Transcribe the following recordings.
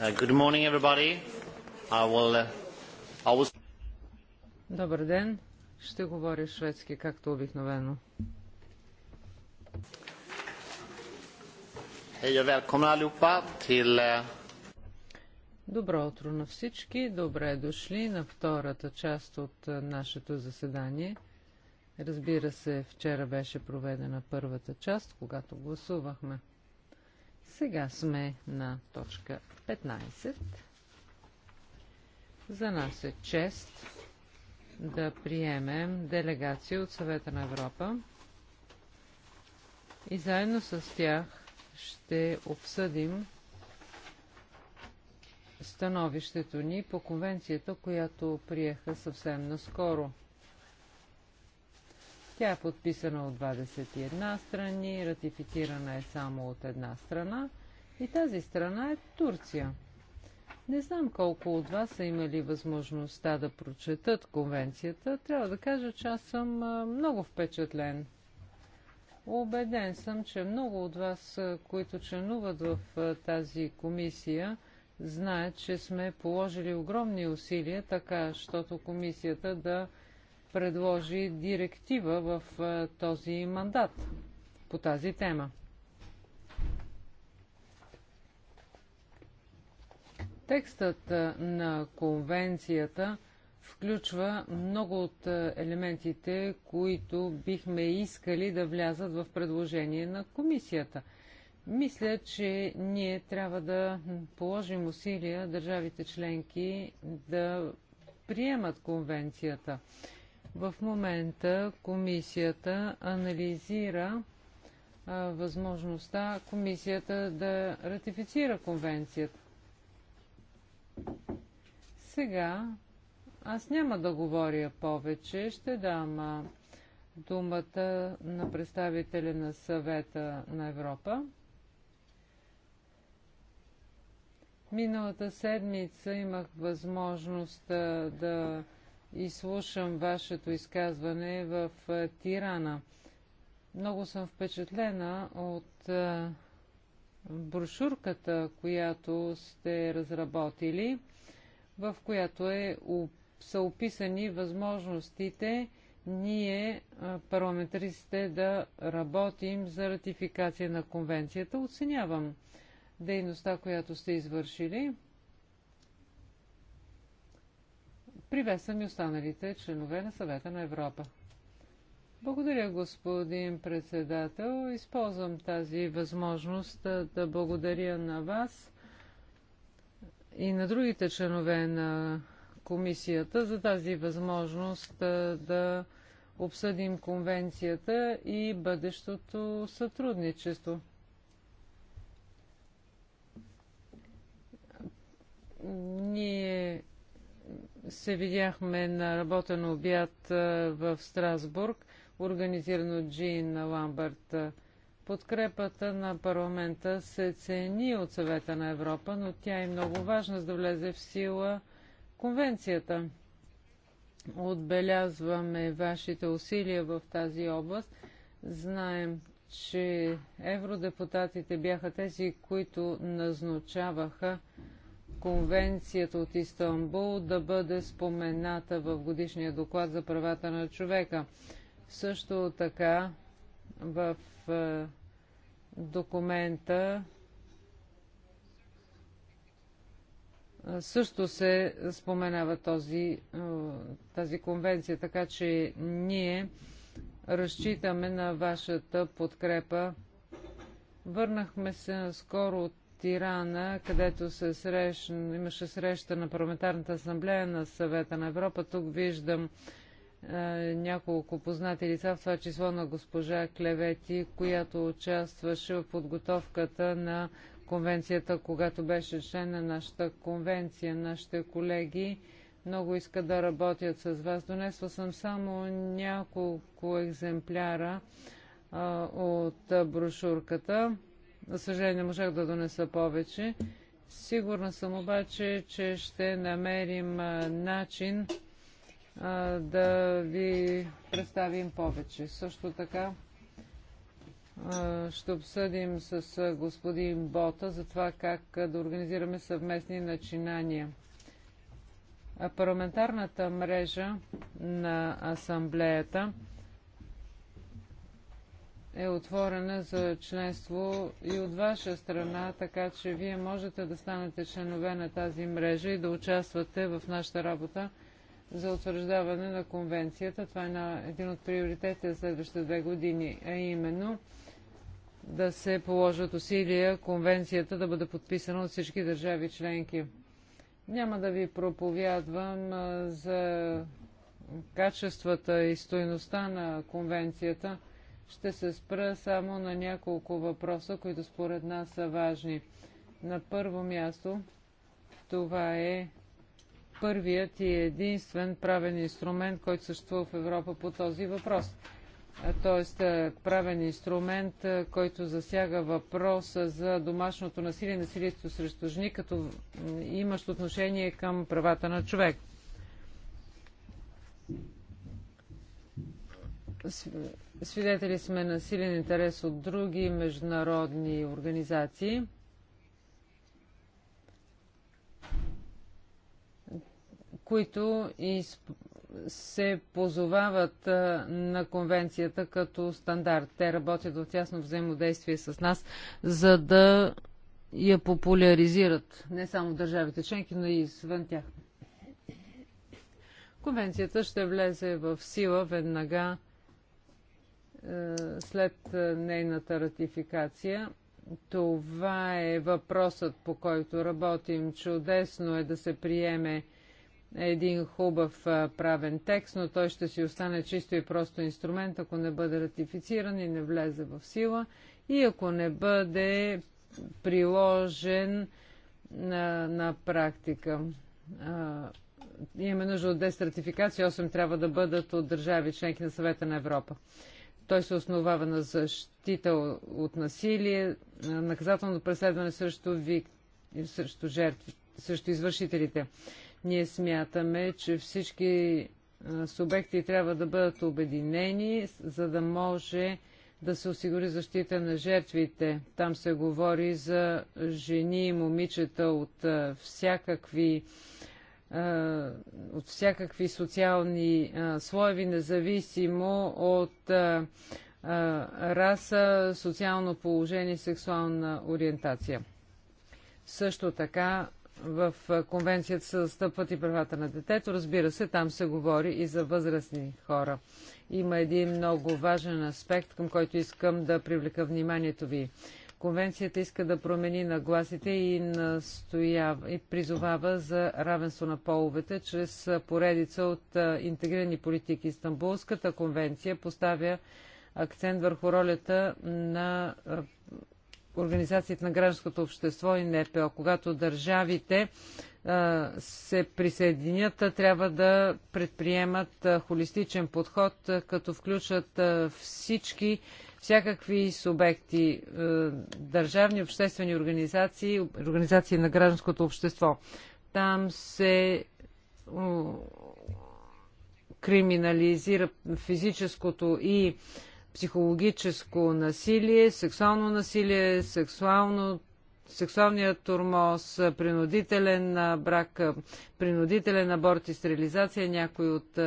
Uh, good morning, everybody. I will, uh, I will... Добър ден. Ще говоря шведски, както обикновено. Hej och välkomna allihopa till... Uh, Добро утро на всички. Добре дошли на втората част от нашето заседание. Разбира се, вчера беше проведена първата част, когато гласувахме. Сега сме на точка 15. За нас е чест да приемем делегация от Съвета на Европа и заедно с тях ще обсъдим становището ни по конвенцията, която приеха съвсем наскоро – тя е подписана от 21 страни, ратифицирана е само от една страна и тази страна е Турция. Не знам колко от вас са имали възможността да прочетат конвенцията. Трябва да кажа, че аз съм много впечатлен. Обеден съм, че много от вас, които членуват в тази комисия, знаят, че сме положили огромни усилия, така, щото комисията да предложи директива в този мандат по тази тема. Текстът на конвенцията включва много от елементите, които бихме искали да влязат в предложение на комисията. Мисля, че ние трябва да положим усилия държавите членки да приемат конвенцията. В момента комисията анализира възможността комисията да ратифицира конвенцията. Сега аз няма да говоря повече. Ще дам думата на представителя на съвета на Европа. Миналата седмица имах възможност да и слушам вашето изказване в е, Тирана. Много съм впечатлена от е, брошурката, която сте разработили, в която е, са описани възможностите ние, е, парламентаристите, да работим за ратификация на конвенцията. Оценявам дейността, която сте извършили. Приветствам и останалите членове на съвета на Европа. Благодаря, господин председател. Използвам тази възможност да благодаря на вас и на другите членове на комисията за тази възможност да обсъдим конвенцията и бъдещото сътрудничество. Ние се видяхме на работен обяд в Страсбург, организиран от Джин Ламбърт. Подкрепата на парламента се цени от съвета на Европа, но тя е много важна за да влезе в сила конвенцията. Отбелязваме вашите усилия в тази област. Знаем, че евродепутатите бяха тези, които назначаваха конвенцията от Истанбул да бъде спомената в годишния доклад за правата на човека. Също така в е, документа е, също се споменава този, е, тази конвенция, така че ние разчитаме на вашата подкрепа. Върнахме се скоро от Тирана, където се срещна, имаше среща на парламентарната асамблея на съвета на Европа. Тук виждам е, няколко познати лица, в това число на госпожа Клевети, която участваше в подготовката на конвенцията, когато беше член на нашата конвенция. Нашите колеги много искат да работят с вас. Донесла съм само няколко екземпляра а, е, от брошурката. За съжаление, не можах да донеса повече. Сигурна съм обаче, че ще намерим начин да ви представим повече. Също така ще обсъдим с господин Бота за това как да организираме съвместни начинания. Парламентарната мрежа на асамблеята е отворена за членство и от ваша страна, така че вие можете да станете членове на тази мрежа и да участвате в нашата работа за утвърждаване на конвенцията. Това е на един от приоритетите за следващите две години, а именно да се положат усилия конвенцията да бъде подписана от всички държави членки. Няма да ви проповядвам за качествата и стойността на конвенцията – ще се спра само на няколко въпроса, които според нас са важни. На първо място, това е първият и единствен правен инструмент, който съществува в Европа по този въпрос. Тоест е, правен инструмент, е, който засяга въпроса за домашното насилие, насилието срещу жени, като имащ отношение към правата на човек. Свидетели сме на силен интерес от други международни организации. които се позовават на конвенцията като стандарт. Те работят в тясно взаимодействие с нас, за да я популяризират не само държавите членки, но и извън тях. Конвенцията ще влезе в сила веднага е, след е, нейната ратификация. Това е въпросът, по който работим. Чудесно е да се приеме един хубав е, правен текст, но той ще си остане чисто и просто инструмент, ако не бъде ратифициран и не влезе в сила и ако не бъде приложен на, на практика. А, имаме нужда от 10 ратификации, 8 трябва да бъдат от държави членки на съвета на Европа. Той се основава на защита от насилие, наказателно преследване срещу, ви, срещу жертви, срещу извършителите. Ние смятаме, че всички субекти трябва да бъдат обединени, за да може да се осигури защита на жертвите. Там се говори за жени и момичета от всякакви от всякакви социални слоеви, независимо от раса, социално положение, сексуална ориентация. Също така в конвенцията се застъпват и правата на детето. Разбира се, там се говори и за възрастни хора. Има един много важен аспект, към който искам да привлека вниманието ви. Конвенцията иска да промени нагласите и, настоява, и призовава за равенство на половете чрез поредица от интегрирани политики. Истанбулската конвенция поставя акцент върху ролята на организациите на гражданското общество и НПО. Когато държавите се присъединят, трябва да предприемат холистичен подход, като включат всички всякакви субекти, е, държавни, обществени организации, организации на гражданското общество. Там се криминализира физическото и психологическо насилие, сексуално насилие, сексуално, сексуалният турмоз, принудителен брак, принудителен аборт и стерилизация. Някои от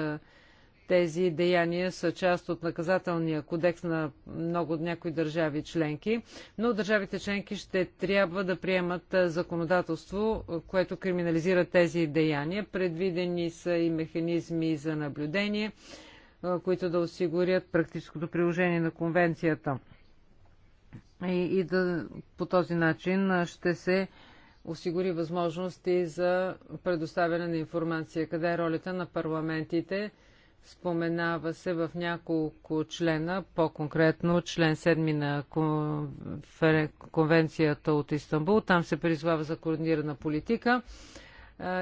тези деяния са част от наказателния кодекс на много от някои държави членки, но държавите членки ще трябва да приемат законодателство, което криминализира тези деяния. Предвидени са и механизми за наблюдение, които да осигурят практическото приложение на конвенцията. И, и да по този начин ще се осигури възможности за предоставяне на информация. Къде е ролята на парламентите? Споменава се в няколко члена, по-конкретно член 7 на конвенцията от Истанбул. Там се призвава за координирана политика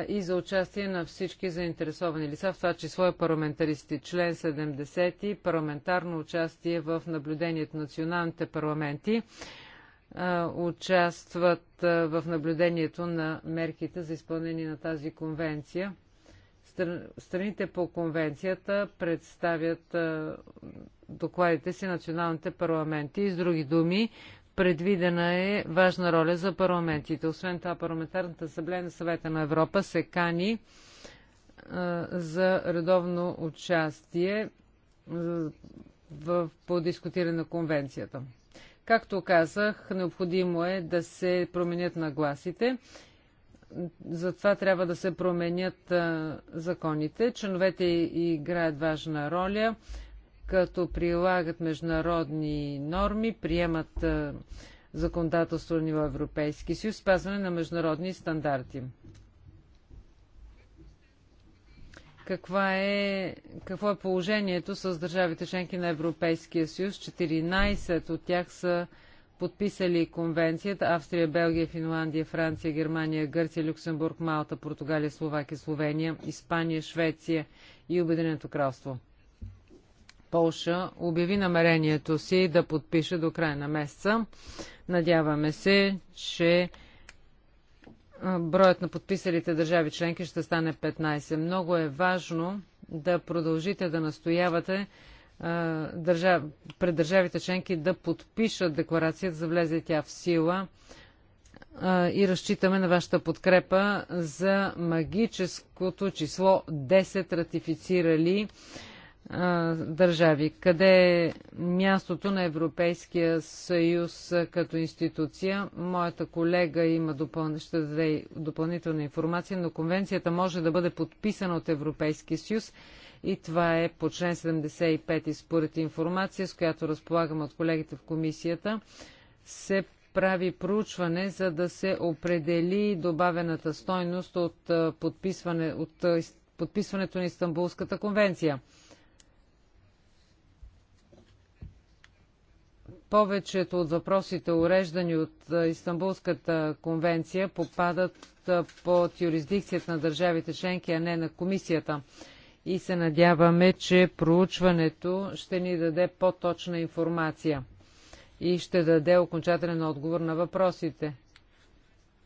и за участие на всички заинтересовани лица, в това число е парламентаристи. Член 70. Парламентарно участие в наблюдението на националните парламенти участват в наблюдението на мерките за изпълнение на тази конвенция страните по конвенцията представят докладите си националните парламенти. И с други думи, предвидена е важна роля за парламентите. Освен това, Парламентарната асамблея на съвета на Европа се кани за редовно участие в, подискутиране на конвенцията. Както казах, необходимо е да се променят нагласите затова трябва да се променят а, законите. Членовете играят важна роля, като прилагат международни норми, приемат а, законодателство на ниво Европейски съюз, спазване на международни стандарти. Каква е, какво е положението с държавите членки на Европейския съюз? 14 от тях са подписали конвенцията Австрия, Белгия, Финландия, Франция, Германия, Гърция, Люксембург, Малта, Португалия, Словакия, Словения, Испания, Швеция и Обединеното кралство. Полша обяви намерението си да подпише до края на месеца. Надяваме се, че броят на подписалите държави членки ще стане 15. Много е важно да продължите да настоявате държав... пред държавите членки да подпишат декларацията, за влезе тя в сила и разчитаме на вашата подкрепа за магическото число 10 ратифицирали държави. Къде е мястото на Европейския съюз като институция? Моята колега има ще даде допълнителна информация, но конвенцията може да бъде подписана от Европейския съюз и това е по член 75 и според информация, с която разполагам от колегите в комисията, се прави проучване, за да се определи добавената стойност от, подписване, от подписването на Истанбулската конвенция. Повечето от въпросите, уреждани от Истанбулската конвенция, попадат под юрисдикцията на държавите членки, а не на комисията и се надяваме, че проучването ще ни даде по-точна информация и ще даде окончателен отговор на въпросите.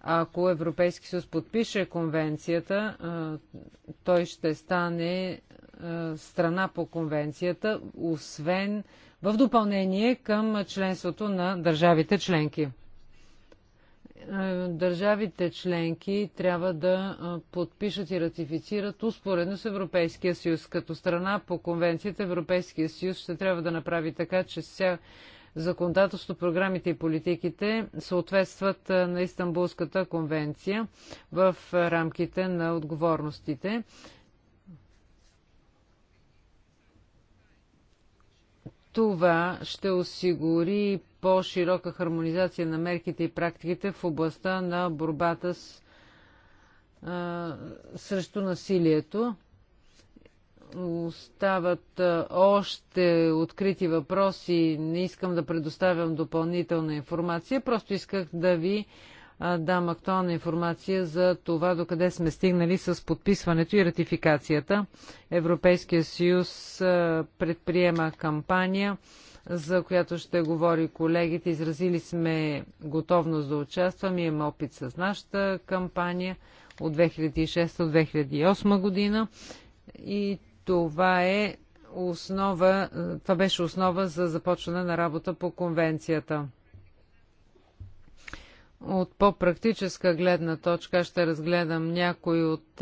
Ако Европейски съюз подпише конвенцията, той ще стане страна по конвенцията, освен в допълнение към членството на държавите членки. Е, държавите членки трябва да е, подпишат и ратифицират успоредно с Европейския съюз. Като страна по конвенцията Европейския съюз ще трябва да направи така, че вся законодателство, програмите и политиките съответстват е, на Истанбулската конвенция в рамките на отговорностите Това ще осигури по-широка хармонизация на мерките и практиките в областта на борбата с, а, срещу насилието. Остават а, още открити въпроси. Не искам да предоставям допълнителна информация. Просто исках да ви дам актуална информация за това докъде сме стигнали с подписването и ратификацията. Европейския съюз предприема кампания, за която ще говори колегите. Изразили сме готовност да участваме. Имаме опит с нашата кампания от 2006-2008 година. И това е основа, това беше основа за започване на работа по конвенцията. От по-практическа гледна точка ще разгледам някои от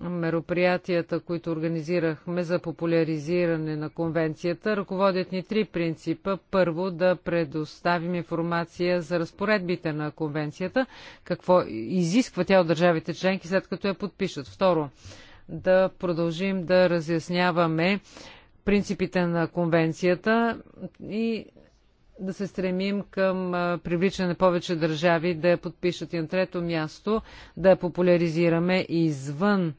мероприятията, които организирахме за популяризиране на конвенцията, ръководят ни три принципа. Първо, да предоставим информация за разпоредбите на конвенцията, какво изисква тя от държавите членки, след като я подпишат. Второ, да продължим да разясняваме принципите на конвенцията и да се стремим към привличане на повече държави да я подпишат и на трето място да я популяризираме извън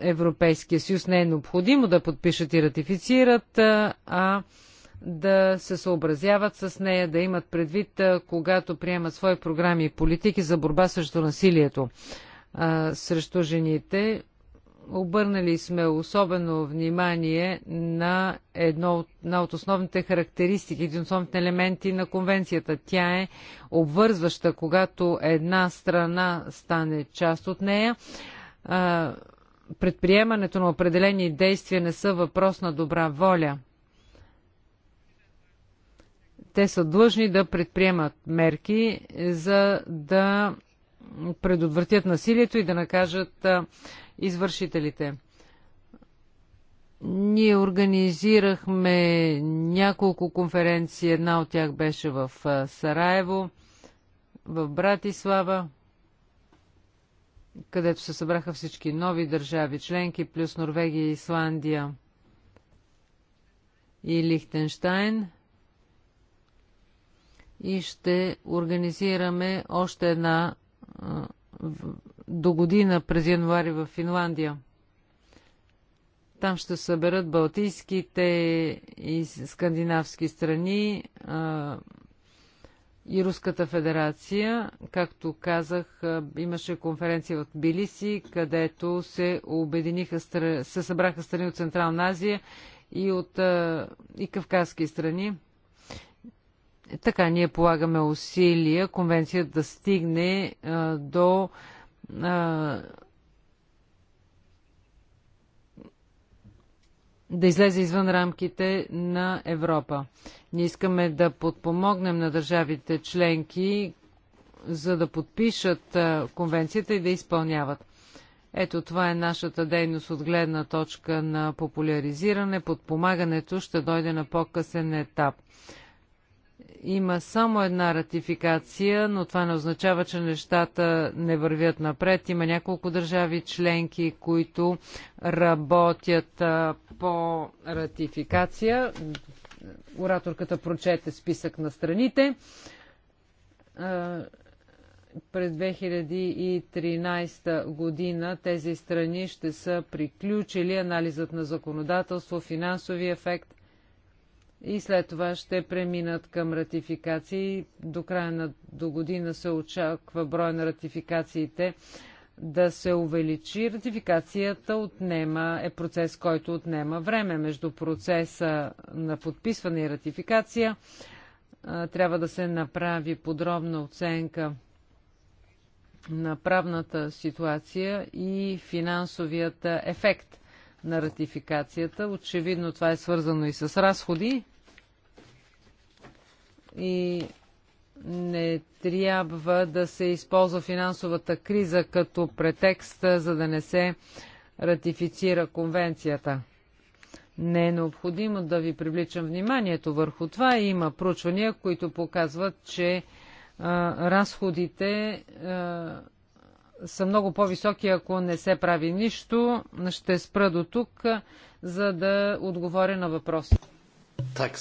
Европейския съюз. Не е необходимо да подпишат и ратифицират, а да се съобразяват с нея, да имат предвид, когато приемат свои програми и политики за борба срещу насилието срещу жените. Обърнали сме особено внимание на едно от, на от основните характеристики, един от основните елементи на конвенцията. Тя е обвързваща, когато една страна стане част от нея. Предприемането на определени действия не са въпрос на добра воля. Те са длъжни да предприемат мерки, за да предотвратят насилието и да накажат извършителите. Ние организирахме няколко конференции. Една от тях беше в Сараево, в Братислава, където се събраха всички нови държави членки, плюс Норвегия, Исландия и Лихтенштайн. И ще организираме още една до година през януари в Финландия. Там ще съберат балтийските и скандинавски страни а, и Руската федерация. Както казах, имаше конференция в Билиси, където се обединиха, се събраха страни от Централна Азия и от а, и кавказски страни така ние полагаме усилия конвенцията да стигне а, до а, да излезе извън рамките на Европа. Ние искаме да подпомогнем на държавите членки, за да подпишат а, конвенцията и да изпълняват. Ето това е нашата дейност от гледна точка на популяризиране. Подпомагането ще дойде на по-късен етап има само една ратификация, но това не означава, че нещата не вървят напред. Има няколко държави членки, които работят по ратификация. Ораторката прочете списък на страните. През 2013 година тези страни ще са приключили анализът на законодателство, финансови ефект – и след това ще преминат към ратификации. До края на до година се очаква брой на ратификациите да се увеличи. Ратификацията отнема, е процес, който отнема време между процеса на подписване и ратификация. Трябва да се направи подробна оценка на правната ситуация и финансовият ефект на ратификацията. Очевидно това е свързано и с разходи и не трябва да се използва финансовата криза като претекст, за да не се ратифицира конвенцията. Не е необходимо да ви привличам вниманието върху това. Има проучвания, които показват, че а, разходите а, са много по-високи, ако не се прави нищо. Ще спра до тук, за да отговоря на въпроса. Так,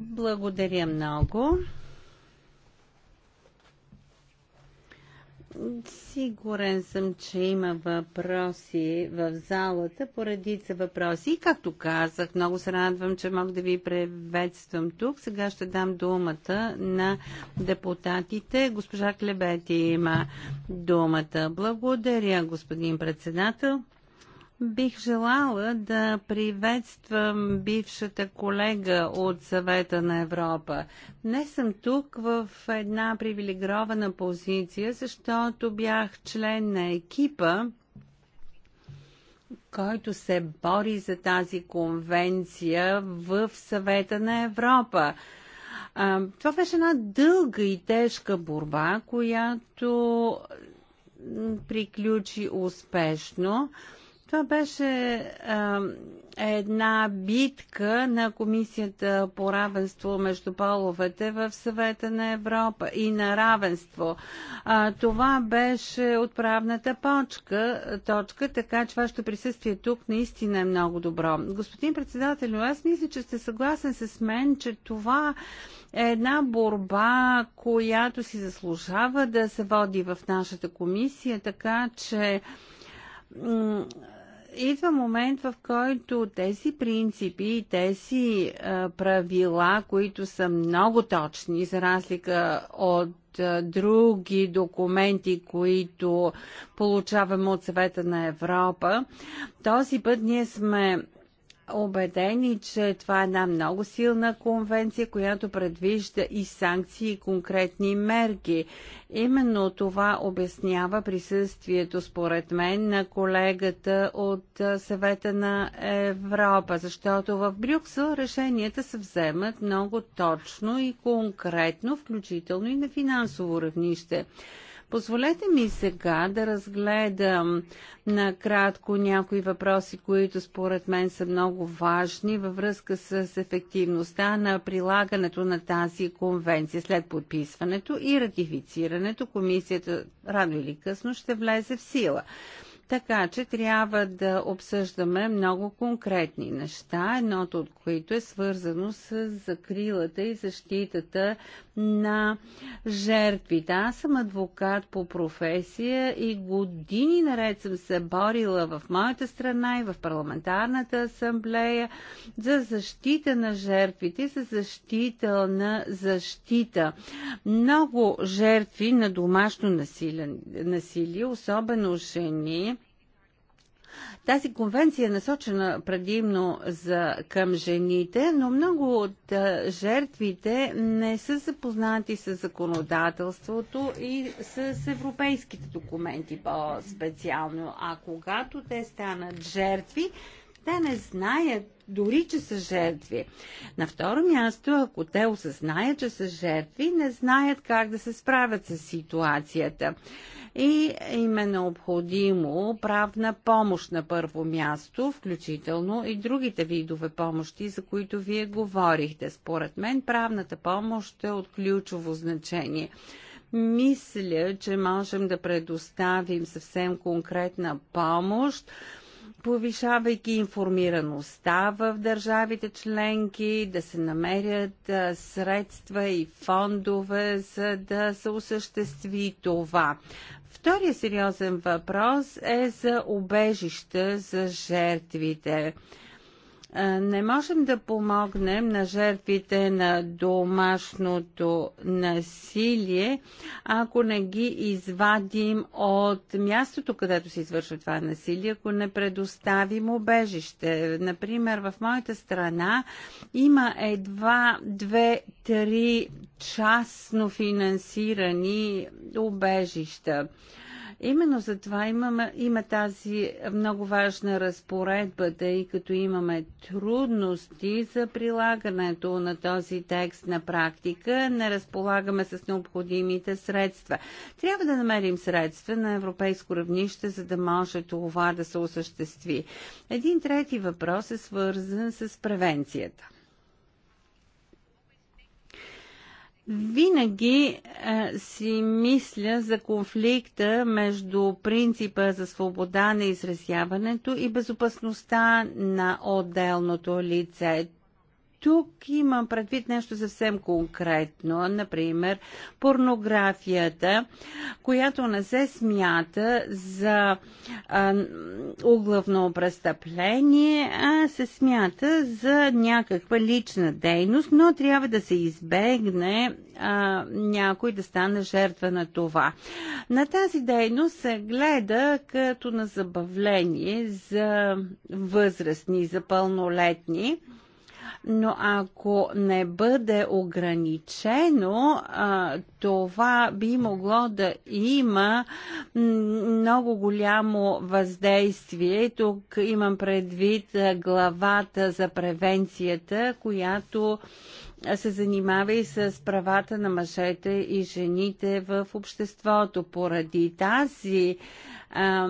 Благодаря много. Сигурен съм, че има въпроси в залата, поредица въпроси. И както казах, много се радвам, че мога да ви приветствам тук. Сега ще дам думата на депутатите. Госпожа Клебети има думата. Благодаря, господин председател. Бих желала да приветствам бившата колега от съвета на Европа. Днес съм тук в една привилегирована позиция, защото бях член на екипа, който се бори за тази конвенция в съвета на Европа. това беше една дълга и тежка борба, която приключи успешно. Това беше а, една битка на Комисията по равенство между половете в съвета на Европа и на равенство. А, това беше отправната почка, точка, така че вашето присъствие тук наистина е много добро. Господин председател, аз мисля, че сте съгласен с мен, че това е една борба, която си заслужава да се води в нашата комисия, така че идва момент, в който тези принципи и тези а, правила, които са много точни, за разлика от а, други документи, които получаваме от съвета на Европа, този път ние сме убедени, че това е една много силна конвенция, която предвижда и санкции и конкретни мерки. Именно това обяснява присъствието, според мен, на колегата от съвета на Европа, защото в Брюксел решенията се вземат много точно и конкретно, включително и на финансово равнище. Позволете ми сега да разгледам накратко някои въпроси, които според мен са много важни във връзка с ефективността на прилагането на тази конвенция след подписването и ратифицирането. Комисията рано или късно ще влезе в сила. Така че трябва да обсъждаме много конкретни неща, едното от които е свързано с закрилата и защитата на жертвите. Аз съм адвокат по професия и години наред съм се борила в моята страна и в парламентарната асамблея за защита на жертвите за защита на защита. Много жертви на домашно насилие, особено жени, тази конвенция е насочена предимно за, към жените, но много от а, жертвите не са запознати с законодателството и с, с европейските документи по-специално. А когато те станат жертви, те не знаят дори, че са жертви. На второ място, ако те осъзнаят, че са жертви, не знаят как да се справят с ситуацията. И им е необходимо правна помощ на първо място, включително и другите видове помощи, за които вие говорихте. Според мен правната помощ е от ключово значение. Мисля, че можем да предоставим съвсем конкретна помощ повишавайки информираността в държавите членки, да се намерят средства и фондове, за да се осъществи това. Втория сериозен въпрос е за убежища за жертвите не можем да помогнем на жертвите на домашното насилие, ако не ги извадим от мястото, където се извършва това насилие, ако не предоставим обежище. Например, в моята страна има едва две-три частно финансирани обежища. Именно за това имаме, има тази много важна разпоредба, тъй като имаме трудности за прилагането на този текст на практика, не разполагаме с необходимите средства. Трябва да намерим средства на европейско равнище, за да може това да се осъществи. Един трети въпрос е свързан с превенцията. Винаги а, е, си мисля за конфликта между принципа за свобода на изразяването и безопасността на отделното лице тук имам предвид нещо съвсем конкретно, например порнографията, която не се смята за а, углавно престъпление, а се смята за някаква лична дейност, но трябва да се избегне а, някой да стане жертва на това. На тази дейност се гледа като на забавление за възрастни, за пълнолетни но ако не бъде ограничено, това би могло да има много голямо въздействие. Тук имам предвид главата за превенцията, която се занимава и с правата на мъжете и жените в обществото. Поради тази а,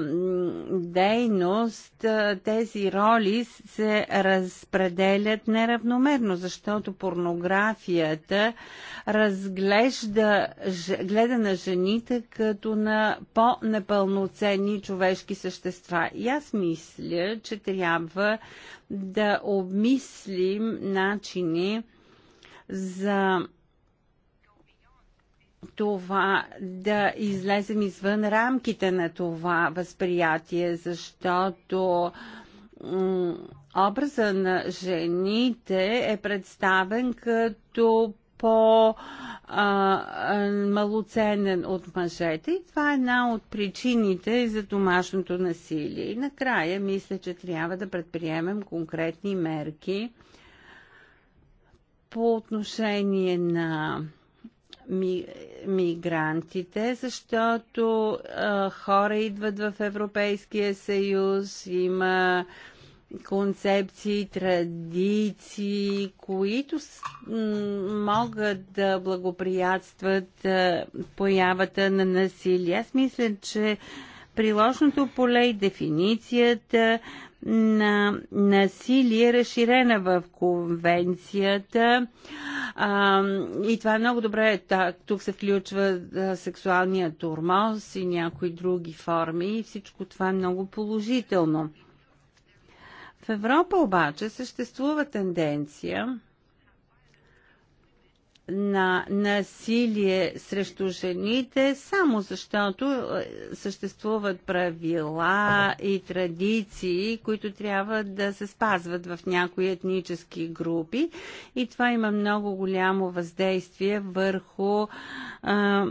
дейност, тези роли се разпределят неравномерно, защото порнографията разглежда, гледа на жените като на по-непълноценни човешки същества. И аз мисля, че трябва да обмислим начини, за това да излезем извън рамките на това възприятие, защото образа на жените е представен като по-малоценен от мъжете и това е една от причините за домашното насилие. И накрая мисля, че трябва да предприемем конкретни мерки по отношение на ми, мигрантите, защото а, хора идват в Европейския съюз, има концепции, традиции, които с, могат да благоприятстват а, появата на насилие. Аз мисля, че приложното поле и дефиницията на насилие, разширена в конвенцията. А, и това е много добре. Тук се включва сексуалния турмоз и някои други форми и всичко това е много положително. В Европа обаче съществува тенденция на насилие срещу жените, само защото е, съществуват правила и традиции, които трябва да се спазват в някои етнически групи. И това има много голямо въздействие върху а,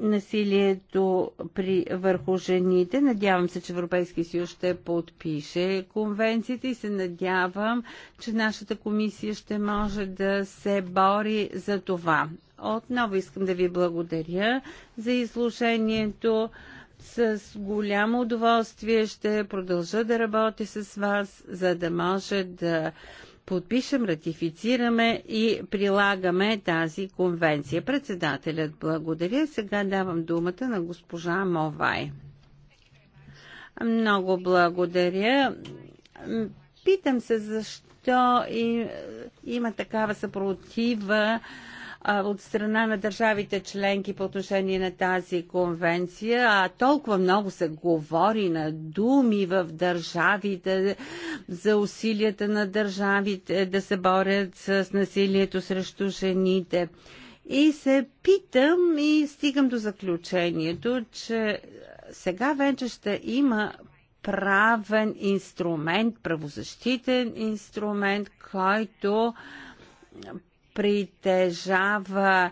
насилието при, върху жените. Надявам се, че Европейския съюз ще подпише конвенцията и се надявам, че нашата комисия ще може да се бори за това. Отново искам да ви благодаря за изложението. С голямо удоволствие ще продължа да работя с вас, за да може да подпишем, ратифицираме и прилагаме тази конвенция. Председателят благодаря. Сега давам думата на госпожа Мовай. Много благодаря. Питам се защо и, има такава съпротива от страна на държавите членки по отношение на тази конвенция, а толкова много се говори на думи в държавите за усилията на държавите да се борят с насилието срещу жените. И се питам и стигам до заключението, че сега вече ще има правен инструмент, правозащитен инструмент, който притежава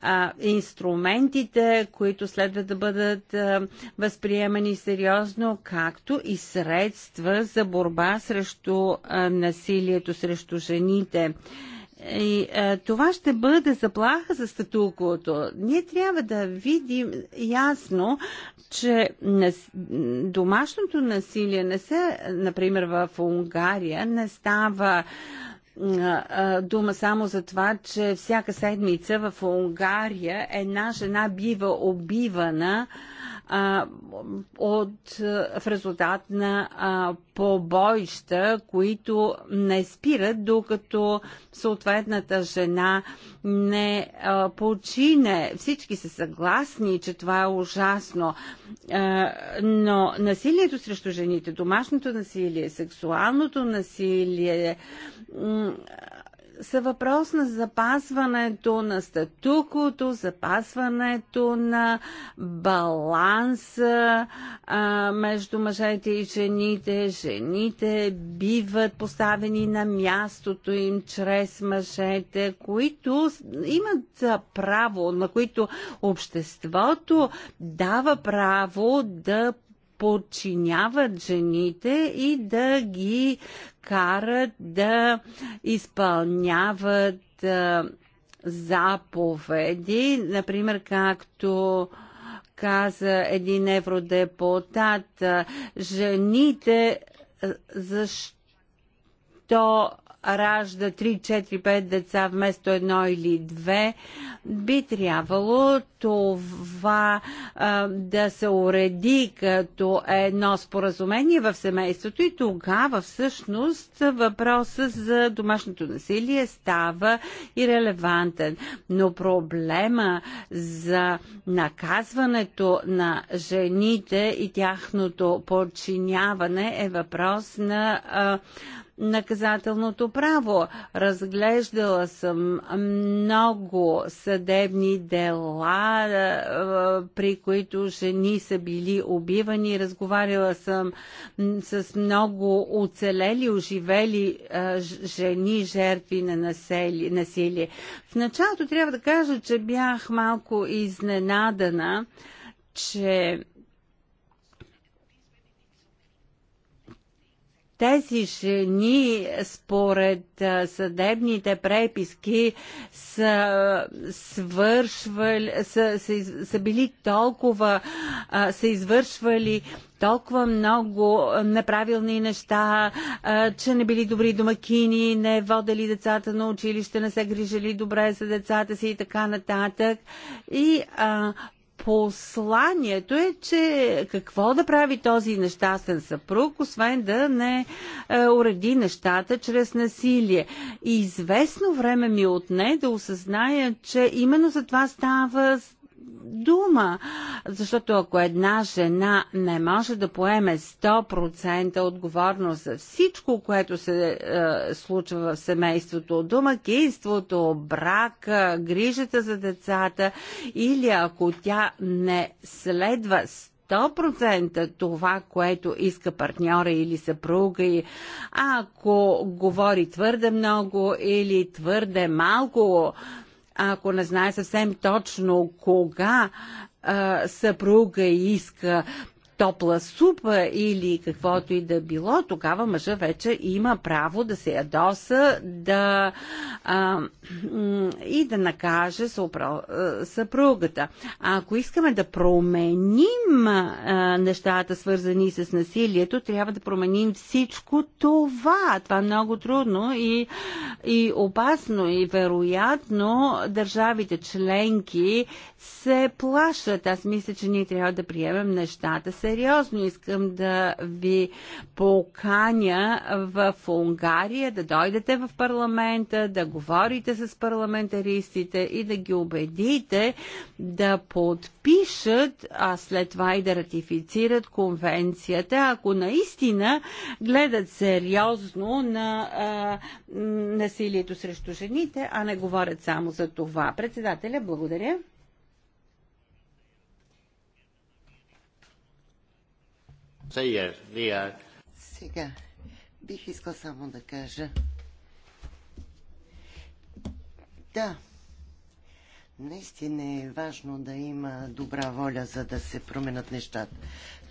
а, инструментите, които следва да бъдат а, възприемани сериозно, както и средства за борба срещу а, насилието срещу жените. И а, това ще бъде заплаха за статуквото. Ние трябва да видим ясно, че нас... домашното насилие не се, например, в Унгария не става дума само за това, че всяка седмица в Унгария една жена бива убивана а, от, в резултат на а, побоища, които не спират, докато съответната жена не а, почине. Всички са съгласни, че това е ужасно, а, но насилието срещу жените, домашното насилие, сексуалното насилие, са въпрос на запазването на статукото, запазването на баланса а, между мъжете и жените. Жените биват поставени на мястото им чрез мъжете, които имат право, на които обществото дава право да подчиняват жените и да ги карат да изпълняват а, заповеди, например, както каза един евродепутат, жените защо ражда 3, 4, 5 деца вместо едно или две, би трябвало това а, да се уреди като едно споразумение в семейството и тогава всъщност въпросът за домашното насилие става и релевантен. Но проблема за наказването на жените и тяхното подчиняване е въпрос на а, наказателното право. Разглеждала съм много съдебни дела, е, при които жени са били убивани. Разговаряла съм с много оцелели, оживели е, жени, жертви на насилие. В началото трябва да кажа, че бях малко изненадана, че Тези жени, според съдебните преписки, са, свършвали, са, са, са били толкова, са извършвали толкова много неправилни неща, че не били добри домакини, не водели децата на училище, не се грижали добре за децата си и така нататък. И а, посланието е, че какво да прави този нещастен съпруг, освен да не е, уреди нещата чрез насилие. И известно време ми отне да осъзная, че именно за това става дума. Защото ако една жена не може да поеме 100% отговорност за всичко, което се е, случва в семейството, домакинството, брака, грижата за децата, или ако тя не следва 100% това, което иска партньора или съпруга и ако говори твърде много или твърде малко, ако не знае съвсем точно кога съпруга иска топла супа или каквото и да било, тогава мъжа вече има право да се ядоса да, а, и да накаже съпругата. А ако искаме да променим а, нещата, свързани с насилието, трябва да променим всичко това. Това е много трудно и, и опасно и вероятно държавите членки се плашат. Аз мисля, че ние трябва да приемем нещата се сериозно. Искам да ви поканя в Унгария, да дойдете в парламента, да говорите с парламентаристите и да ги убедите да подпишат, а след това и да ратифицират конвенцията, ако наистина гледат сериозно на а, насилието срещу жените, а не говорят само за това. Председателя, благодаря. Сега, бих искал само да кажа. Да, наистина е важно да има добра воля, за да се променят нещата.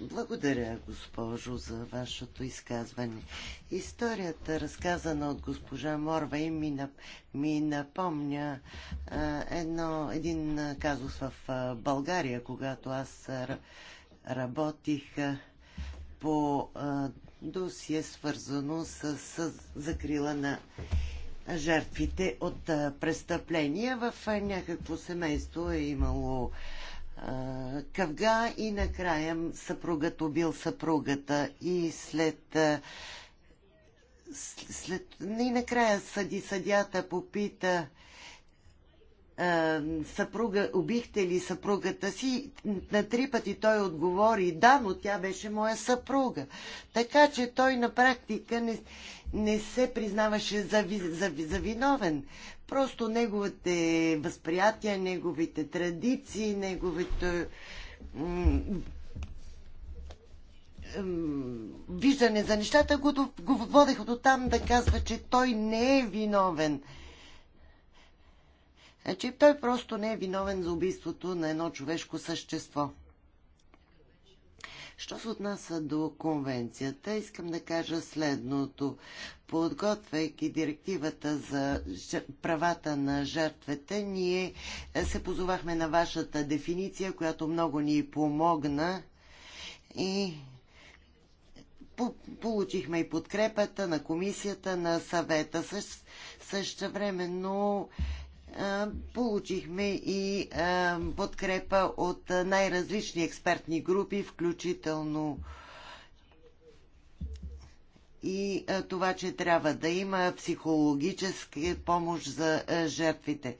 Благодаря, госпожо, за вашето изказване. Историята, разказана от госпожа Морва, и ми, ми напомня а, едно, един казус в а, България, когато аз а, работих. А, по досие, свързано с, с закрила на жертвите от престъпления. В някакво семейство е имало Къвга и накрая съпругът убил съпругата и след след... И накрая съди съдята попита съпруга, убихте ли съпругата си? На три пъти той отговори, да, но тя беше моя съпруга. Така че той на практика не, не се признаваше за, за, за виновен. Просто неговите възприятия, неговите традиции, неговите виждане за нещата го, го водеха до там да казва, че той не е виновен. Значи той просто не е виновен за убийството на едно човешко същество. Що се отнася до конвенцията, искам да кажа следното. Подготвяйки директивата за правата на жертвете, ние се позовахме на вашата дефиниция, която много ни помогна и получихме и подкрепата на комисията, на съвета. Също, времено получихме и подкрепа от най-различни експертни групи, включително и това, че трябва да има психологическа помощ за жертвите.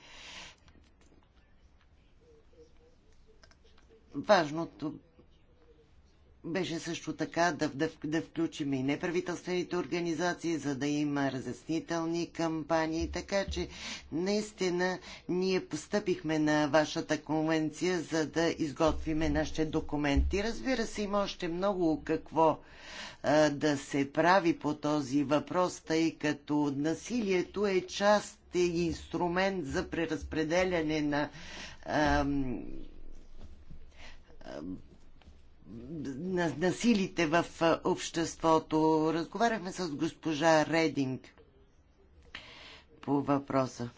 Важното беше също така да, да, да включим и неправителствените организации, за да има разяснителни кампании. Така че наистина ние постъпихме на вашата конвенция, за да изготвиме нашите документи. Разбира се, има още много какво а, да се прави по този въпрос, тъй като насилието е част и е инструмент за преразпределяне на. А, на, на силите в обществото. Разговаряхме с госпожа Рединг по въпроса.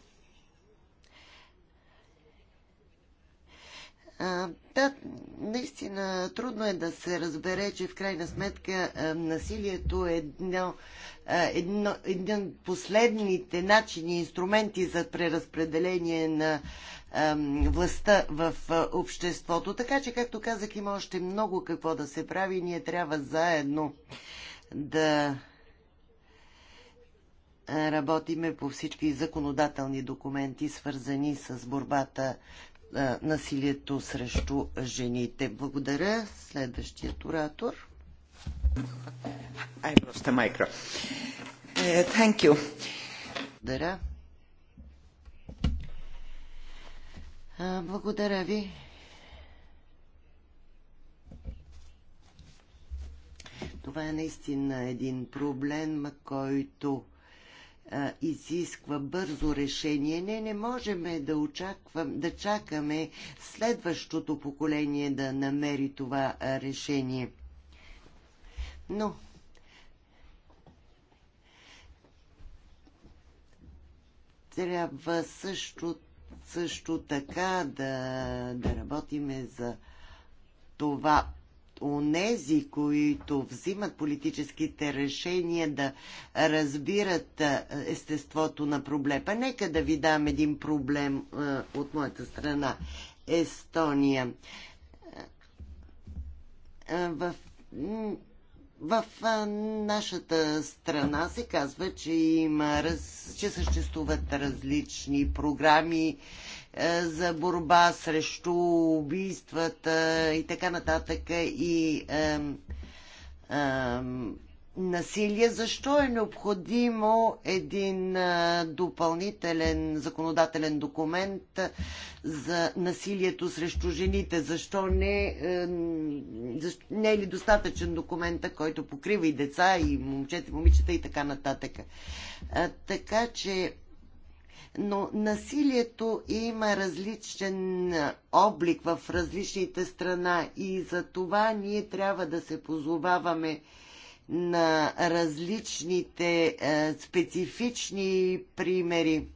А, да, наистина трудно е да се разбере, че в крайна сметка а, насилието е едно, а, едно, един последните начини, инструменти за преразпределение на властта в обществото. Така че, както казах, има още много какво да се прави и ние трябва заедно да работиме по всички законодателни документи, свързани с борбата насилието срещу жените. Благодаря. Следващият оратор. Ай, просто майкро. Е, thank you. Благодаря. Благодаря ви. Това е наистина един проблем, който а, изисква бързо решение. Не, не можем да, очаквам, да чакаме следващото поколение да намери това решение. Но трябва също също така да, да работиме за това онези, които взимат политическите решения да разбират естеството на проблема. Нека да ви дам един проблем от моята страна. Естония. В в нашата страна се казва, че, има, че съществуват различни програми е, за борба срещу убийствата и така нататък и насилие. Защо е необходимо един допълнителен законодателен документ за насилието срещу жените? Защо не, е, защо, не е ли достатъчен документа, който покрива и деца, и момчета, и момичета, и така нататък? А, така че но насилието има различен облик в различните страна и за това ние трябва да се позоваваме на различните е, специфични примери.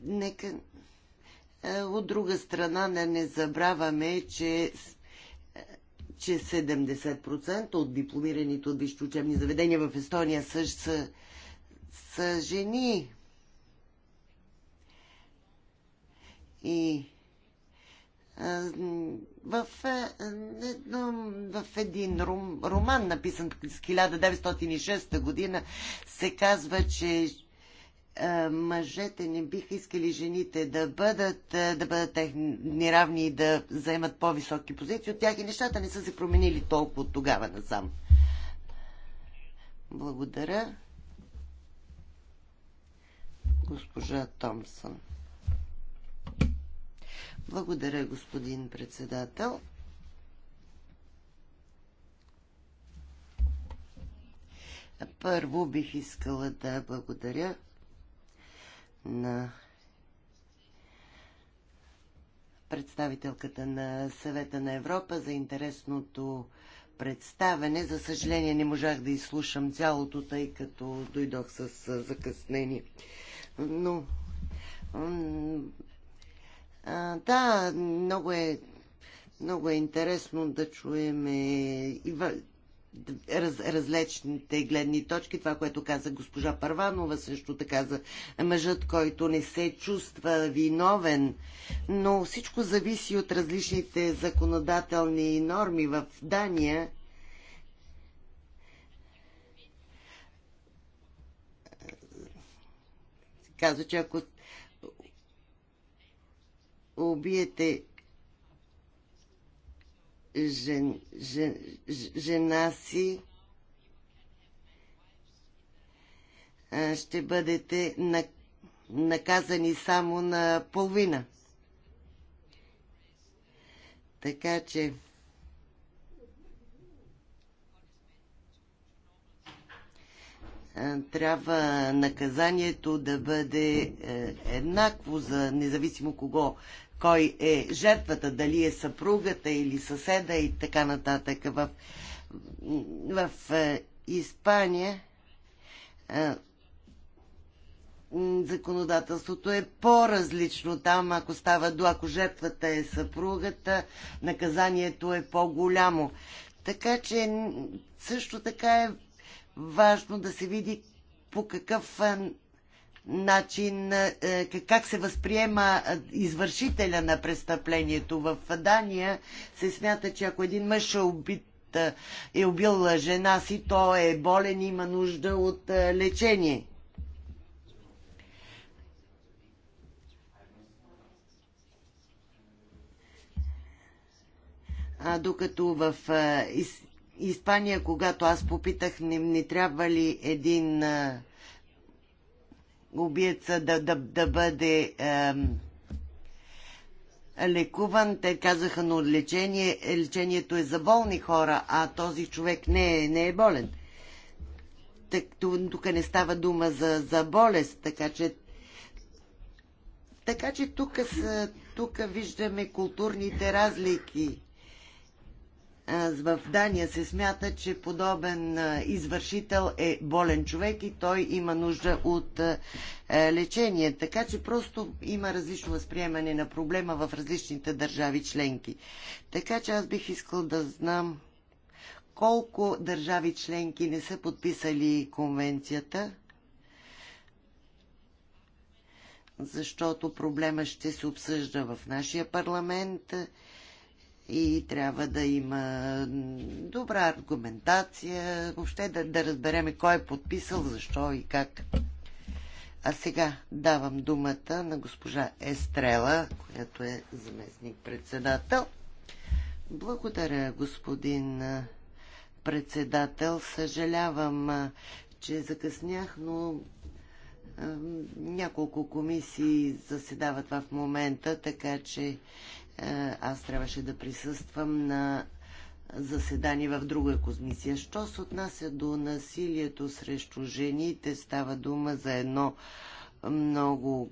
Нека е, от друга страна не, не забравяме, че е, че 70% от дипломираните от висши учебни заведения в Естония са, са, са жени. И в, е, е, едно, в един рум, роман, написан с 1906 година, се казва, че е, мъжете не биха искали жените да бъдат, да бъдат техни равни и да заемат по-високи позиции от тях и нещата не са се променили толкова от тогава насам. Благодаря. Госпожа Томсън. Благодаря, господин председател. Първо бих искала да благодаря на представителката на съвета на Европа за интересното представене. За съжаление не можах да изслушам цялото, тъй като дойдох с закъснение. Но а, да, много е, много е интересно да чуем е, и раз, различните гледни точки. Това, което каза госпожа Парванова, също така за мъжът, който не се чувства виновен. Но всичко зависи от различните законодателни норми в Дания. Казва, че ако убиете жен, жен, жена си, ще бъдете наказани само на половина. Така че Е, трябва наказанието да бъде е, еднакво за независимо кого, кой е жертвата, дали е съпругата или съседа и така нататък. В, в е, Испания законодателството е по-различно там, ако става до, ако жертвата е съпругата, наказанието е по-голямо. Така че също така е важно да се види по какъв начин, е, как се възприема извършителя на престъплението. В Дания се смята, че ако един мъж е убит е убил жена си, то е болен и има нужда от лечение. А докато в Испания, когато аз попитах не, не трябва ли един а, убиеца да, да, да бъде а, лекуван, те казаха, но лечение, лечението е за болни хора, а този човек не е, не е болен. Так, тук не става дума за, за болест, така че така че тук, тук виждаме културните разлики в Дания се смята, че подобен извършител е болен човек и той има нужда от е, лечение. Така че просто има различно възприемане на проблема в различните държави членки. Така че аз бих искал да знам колко държави членки не са подписали конвенцията, защото проблема ще се обсъжда в нашия парламент и трябва да има добра аргументация, въобще да, да разбереме кой е подписал, защо и как. А сега давам думата на госпожа Естрела, която е заместник-председател. Благодаря, господин председател. Съжалявам, че закъснях, но няколко комисии заседават в момента, така че е, аз трябваше да присъствам на заседание в друга комисия. Що се отнася до насилието срещу жените, става дума за едно много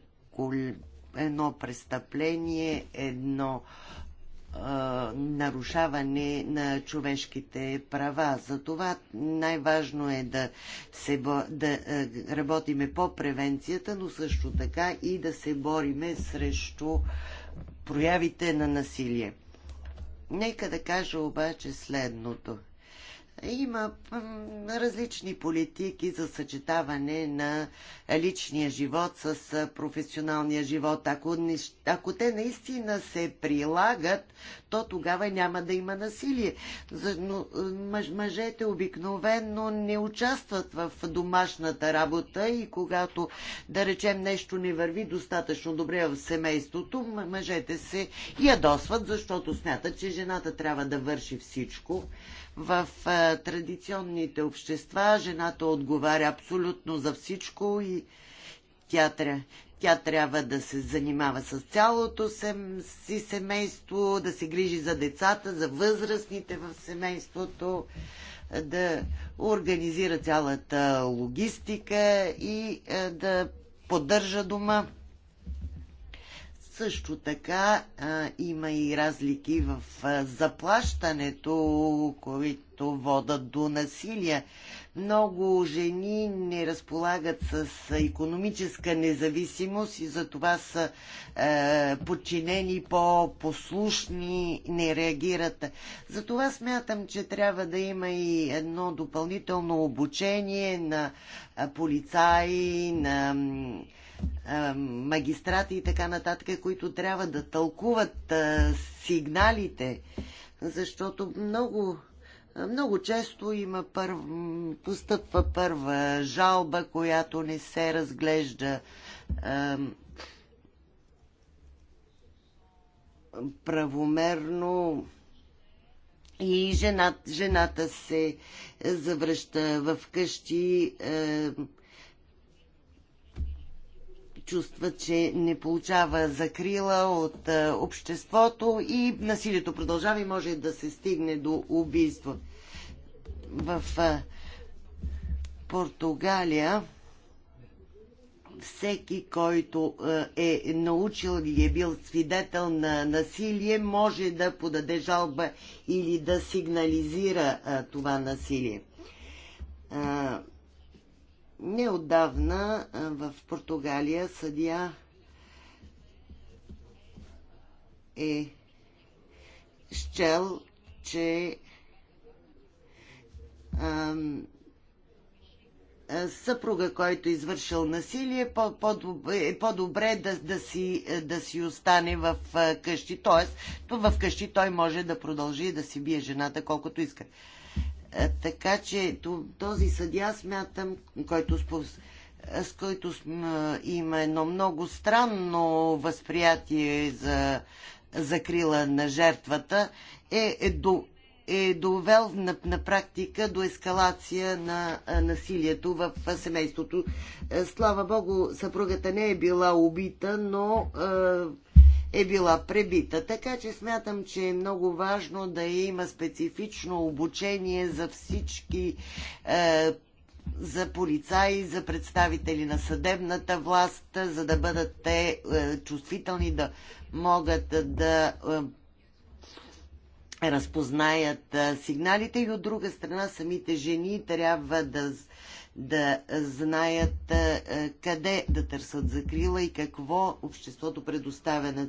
едно престъпление, едно нарушаване на човешките права. Затова най-важно е да, се, да е, работиме по превенцията, но също така и да се бориме срещу проявите на насилие. Нека да кажа обаче следното – има различни политики за съчетаване на личния живот с професионалния живот. Ако, не, ако те наистина се прилагат, то тогава няма да има насилие. Но мъж, мъжете обикновенно не участват в домашната работа и когато, да речем, нещо не върви достатъчно добре в семейството, мъжете се ядосват, защото смятат, че жената трябва да върши всичко в традиционните общества жената отговаря абсолютно за всичко и тя, тя трябва да се занимава с цялото си семейство, да се грижи за децата, за възрастните в семейството, да организира цялата логистика и да поддържа дома. Също така а, има и разлики в а, заплащането, които водат до насилие. Много жени не разполагат с економическа независимост и затова са е, подчинени по-послушни, не реагират. Затова смятам, че трябва да има и едно допълнително обучение на полицаи, на магистрати и така нататък, които трябва да тълкуват сигналите, защото много много често има първ, постъпва първа жалба, която не се разглежда правомерно и жената, жената се завръща в къщи чувства, че не получава закрила от обществото и насилието продължава и може да се стигне до убийство. В Португалия всеки, който е научил или е бил свидетел на насилие, може да подаде жалба или да сигнализира това насилие. Неодавна в Португалия съдия е счел, че ам, съпруга, който е извършил насилие, по, е по-добре да, да, си, да си остане в къщи. Тоест, в къщи той може да продължи да си бие жената колкото иска. Е, така че този съдя смятам, който е, с който е, има едно много странно възприятие за закрила на жертвата, е, е, до, е довел на, на практика до ескалация на насилието в семейството. Слава Богу, съпругата не е била убита, но е, е била пребита. Така че смятам, че е много важно да има специфично обучение за всички е, за полицаи, за представители на съдебната власт, за да бъдат те е, чувствителни, да могат да е, разпознаят е, сигналите и от друга страна самите жени трябва да, да знаят е, къде да търсят закрила и какво обществото предоставя на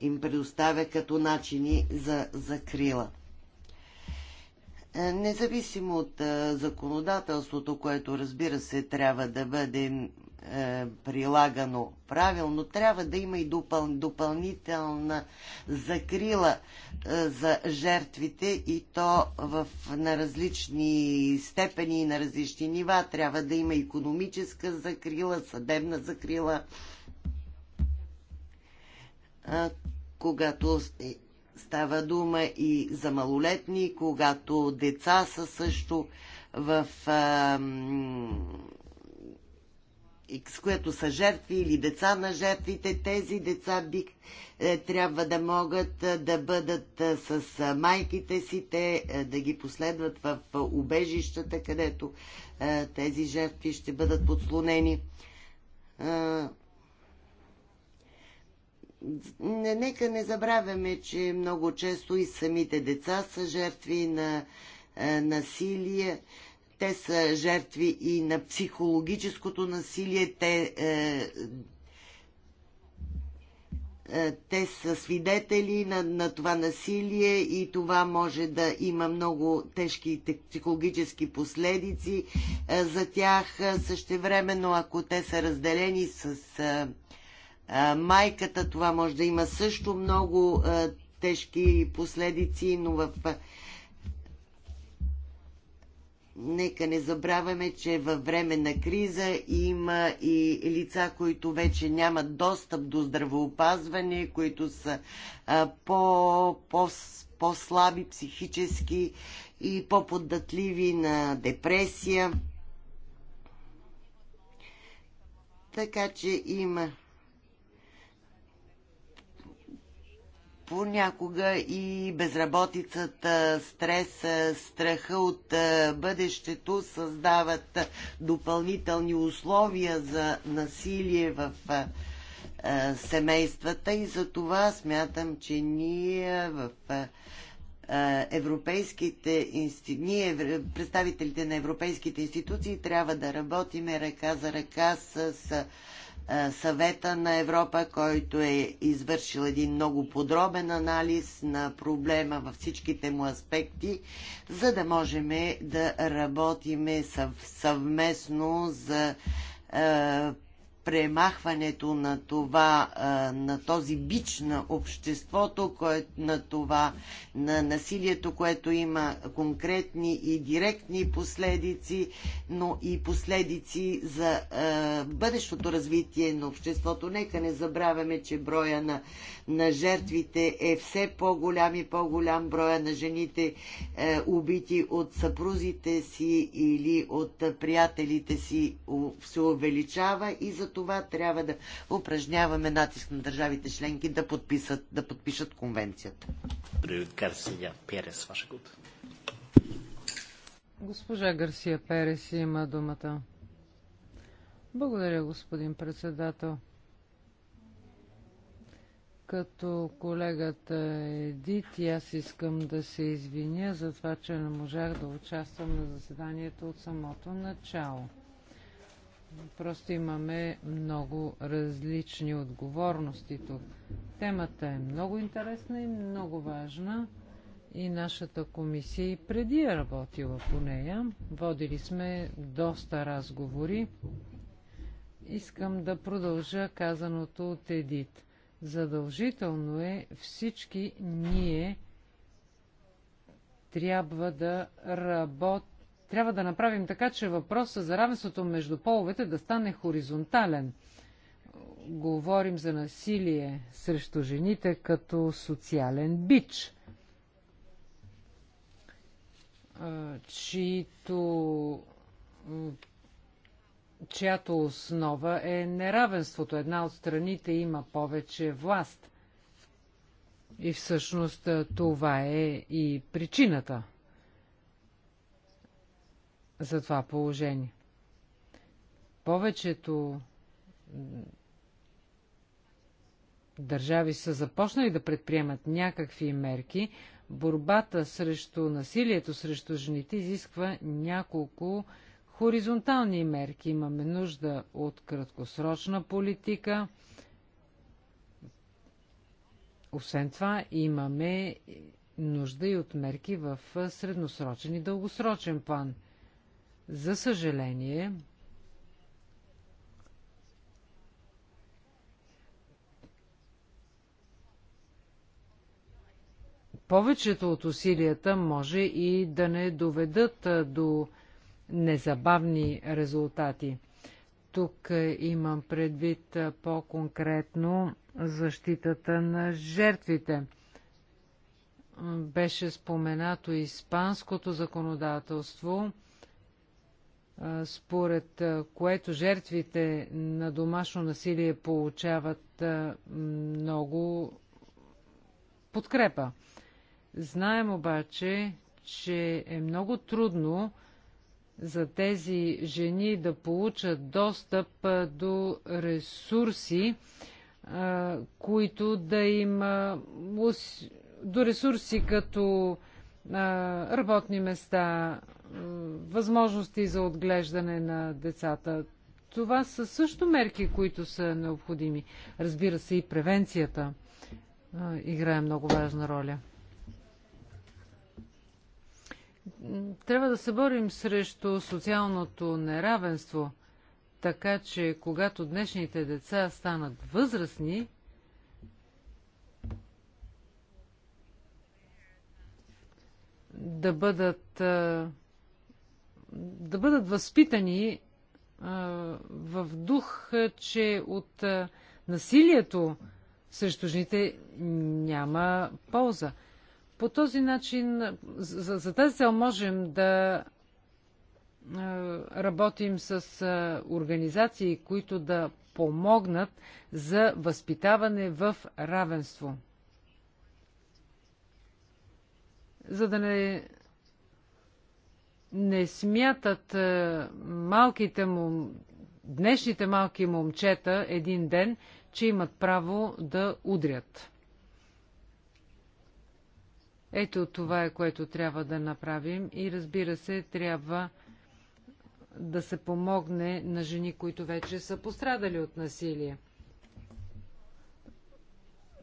им предоставя като начини за закрила. Е, независимо от е, законодателството, което разбира се трябва да бъде е, прилагано правилно, трябва да има и допъл... допълнителна закрила за жертвите и то в... на различни степени и на различни нива. Трябва да има економическа закрила, съдебна закрила когато е, става дума и за малолетни, когато деца са също в а, с което са жертви или деца на жертвите, тези деца би, е, трябва да могат е, да бъдат е, с майките си, те да ги последват в убежищата, където е, тези жертви ще бъдат подслонени. Е, нека не забравяме, че много често и самите деца са жертви на е, насилие. Те са жертви и на психологическото насилие. Те, е, е, те са свидетели на, на това насилие и това може да има много тежки психологически последици е, за тях. Е, същевременно, ако те са разделени с. Е, майката. Това може да има също много тежки последици, но в нека не забравяме, че във време на криза има и лица, които вече нямат достъп до здравеопазване, които са по, по, по-слаби психически и по-поддатливи на депресия. Така че има понякога и безработицата, стреса, страха от е, бъдещето създават допълнителни условия за насилие в е, е, семействата и за това смятам, че ние в европейските ние, представителите на европейските институции трябва да работиме ръка за ръка с е, съвета на Европа, който е извършил един много подробен анализ на проблема във всичките му аспекти, за да можем да работиме съвместно за е, премахването на това, на този бич на обществото, на това, на насилието, което има конкретни и директни последици, но и последици за бъдещото развитие на обществото. Нека не забравяме, че броя на, на жертвите е все по-голям и по-голям броя на жените е, убити от съпрузите си или от приятелите си се увеличава и за това трябва да упражняваме натиск на държавите членки да, подписат, да подпишат конвенцията. Госпожа Гарсия Перес има думата. Благодаря, господин председател. Като колегата Едит, аз искам да се извиня за това, че не можах да участвам на заседанието от самото начало. Просто имаме много различни отговорности тук. Темата е много интересна и много важна. И нашата комисия и преди е работила по нея. Водили сме доста разговори. Искам да продължа казаното от Едит. Задължително е всички ние трябва да работим трябва да направим така, че въпросът за равенството между половете да стане хоризонтален. Говорим за насилие срещу жените като социален бич, чието чиято основа е неравенството. Една от страните има повече власт. И всъщност това е и причината за това положение. Повечето държави са започнали да предприемат някакви мерки. Борбата срещу насилието срещу жените изисква няколко хоризонтални мерки. Имаме нужда от краткосрочна политика. Освен това, имаме нужда и от мерки в средносрочен и дългосрочен план – за съжаление, повечето от усилията може и да не доведат до незабавни резултати. Тук имам предвид по-конкретно защитата на жертвите. Беше споменато испанското законодателство – според което жертвите на домашно насилие получават много подкрепа. Знаем обаче, че е много трудно за тези жени да получат достъп до ресурси, които да им до ресурси като работни места, възможности за отглеждане на децата. Това са също мерки, които са необходими. Разбира се, и превенцията играе много важна роля. Трябва да се борим срещу социалното неравенство, така че когато днешните деца станат възрастни, да бъдат да бъдат възпитани в дух, че от насилието срещу жените няма полза. По този начин, за, за тази цел можем да работим с организации, които да помогнат за възпитаване в равенство. За да не не смятат е, малките му, днешните малки момчета един ден, че имат право да удрят. Ето това е, което трябва да направим и разбира се, трябва да се помогне на жени, които вече са пострадали от насилие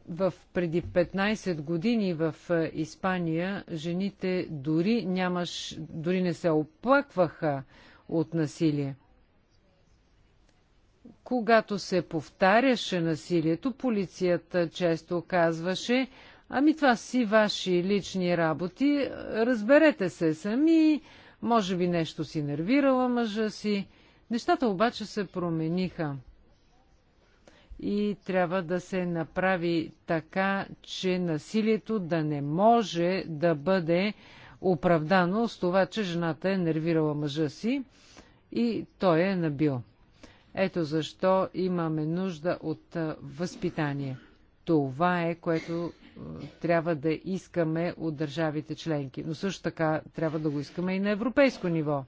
в преди 15 години в Испания жените дори, нямаш, дори не се оплакваха от насилие. Когато се повтаряше насилието, полицията често казваше, ами това си ваши лични работи, разберете се сами, може би нещо си нервирала мъжа си. Нещата обаче се промениха и трябва да се направи така, че насилието да не може да бъде оправдано с това, че жената е нервирала мъжа си и той е набил. Ето защо имаме нужда от възпитание. Това е, което трябва да искаме от държавите членки. Но също така трябва да го искаме и на европейско ниво.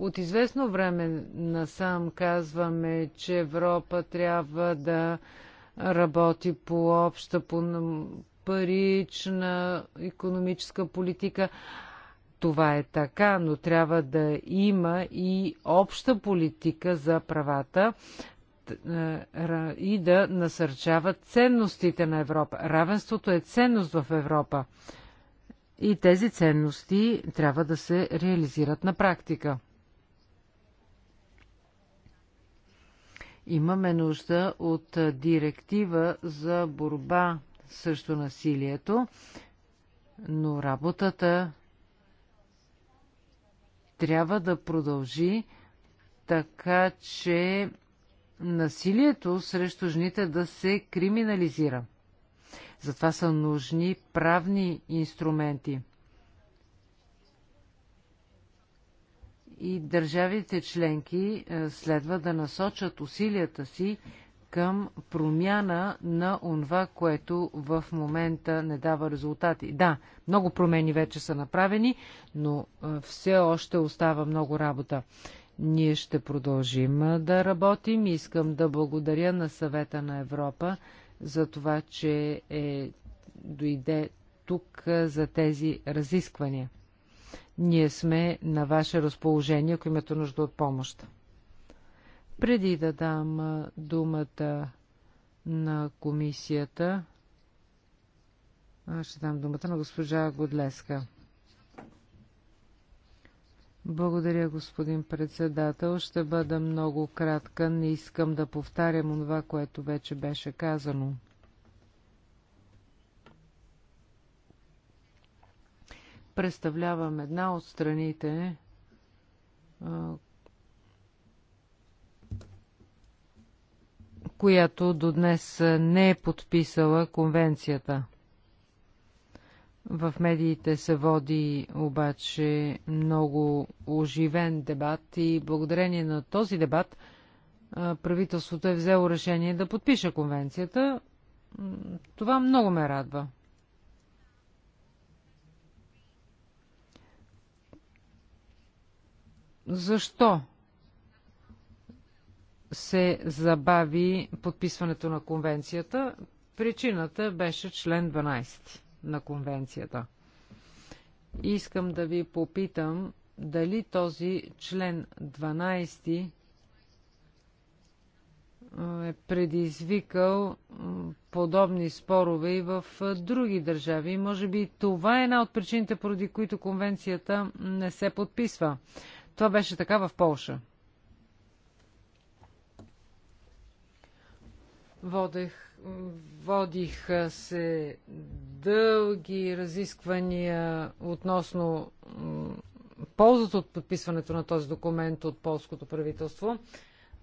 От известно време насам казваме, че Европа трябва да работи по обща по парична економическа политика. Това е така, но трябва да има и обща политика за правата е, и да насърчава ценностите на Европа. Равенството е ценност в Европа. И тези ценности трябва да се реализират на практика. Имаме нужда от директива за борба срещу насилието, но работата трябва да продължи така, че насилието срещу жените да се криминализира. Затова са нужни правни инструменти. и държавите членки е, следва да насочат усилията си към промяна на онва, което в момента не дава резултати. Да, много промени вече са направени, но е, все още остава много работа. Ние ще продължим е, да работим. Искам да благодаря на съвета на Европа за това, че е, дойде тук за тези разисквания. Ние сме на ваше разположение, ако имате нужда от помощ. Преди да дам думата на комисията, ще дам думата на госпожа Годлеска. Благодаря, господин председател. Ще бъда много кратка. Не искам да повтарям това, което вече беше казано. представлявам една от страните, която до днес не е подписала конвенцията. В медиите се води обаче много оживен дебат и благодарение на този дебат правителството е взело решение да подпише конвенцията. Това много ме радва. Защо се забави подписването на конвенцията? Причината беше член 12 на конвенцията. Искам да ви попитам дали този член 12 е предизвикал подобни спорове и в други държави. Може би това е една от причините, поради които конвенцията не се подписва. Това беше така в Полша. Водех, водиха се дълги разисквания относно ползата от подписването на този документ от полското правителство.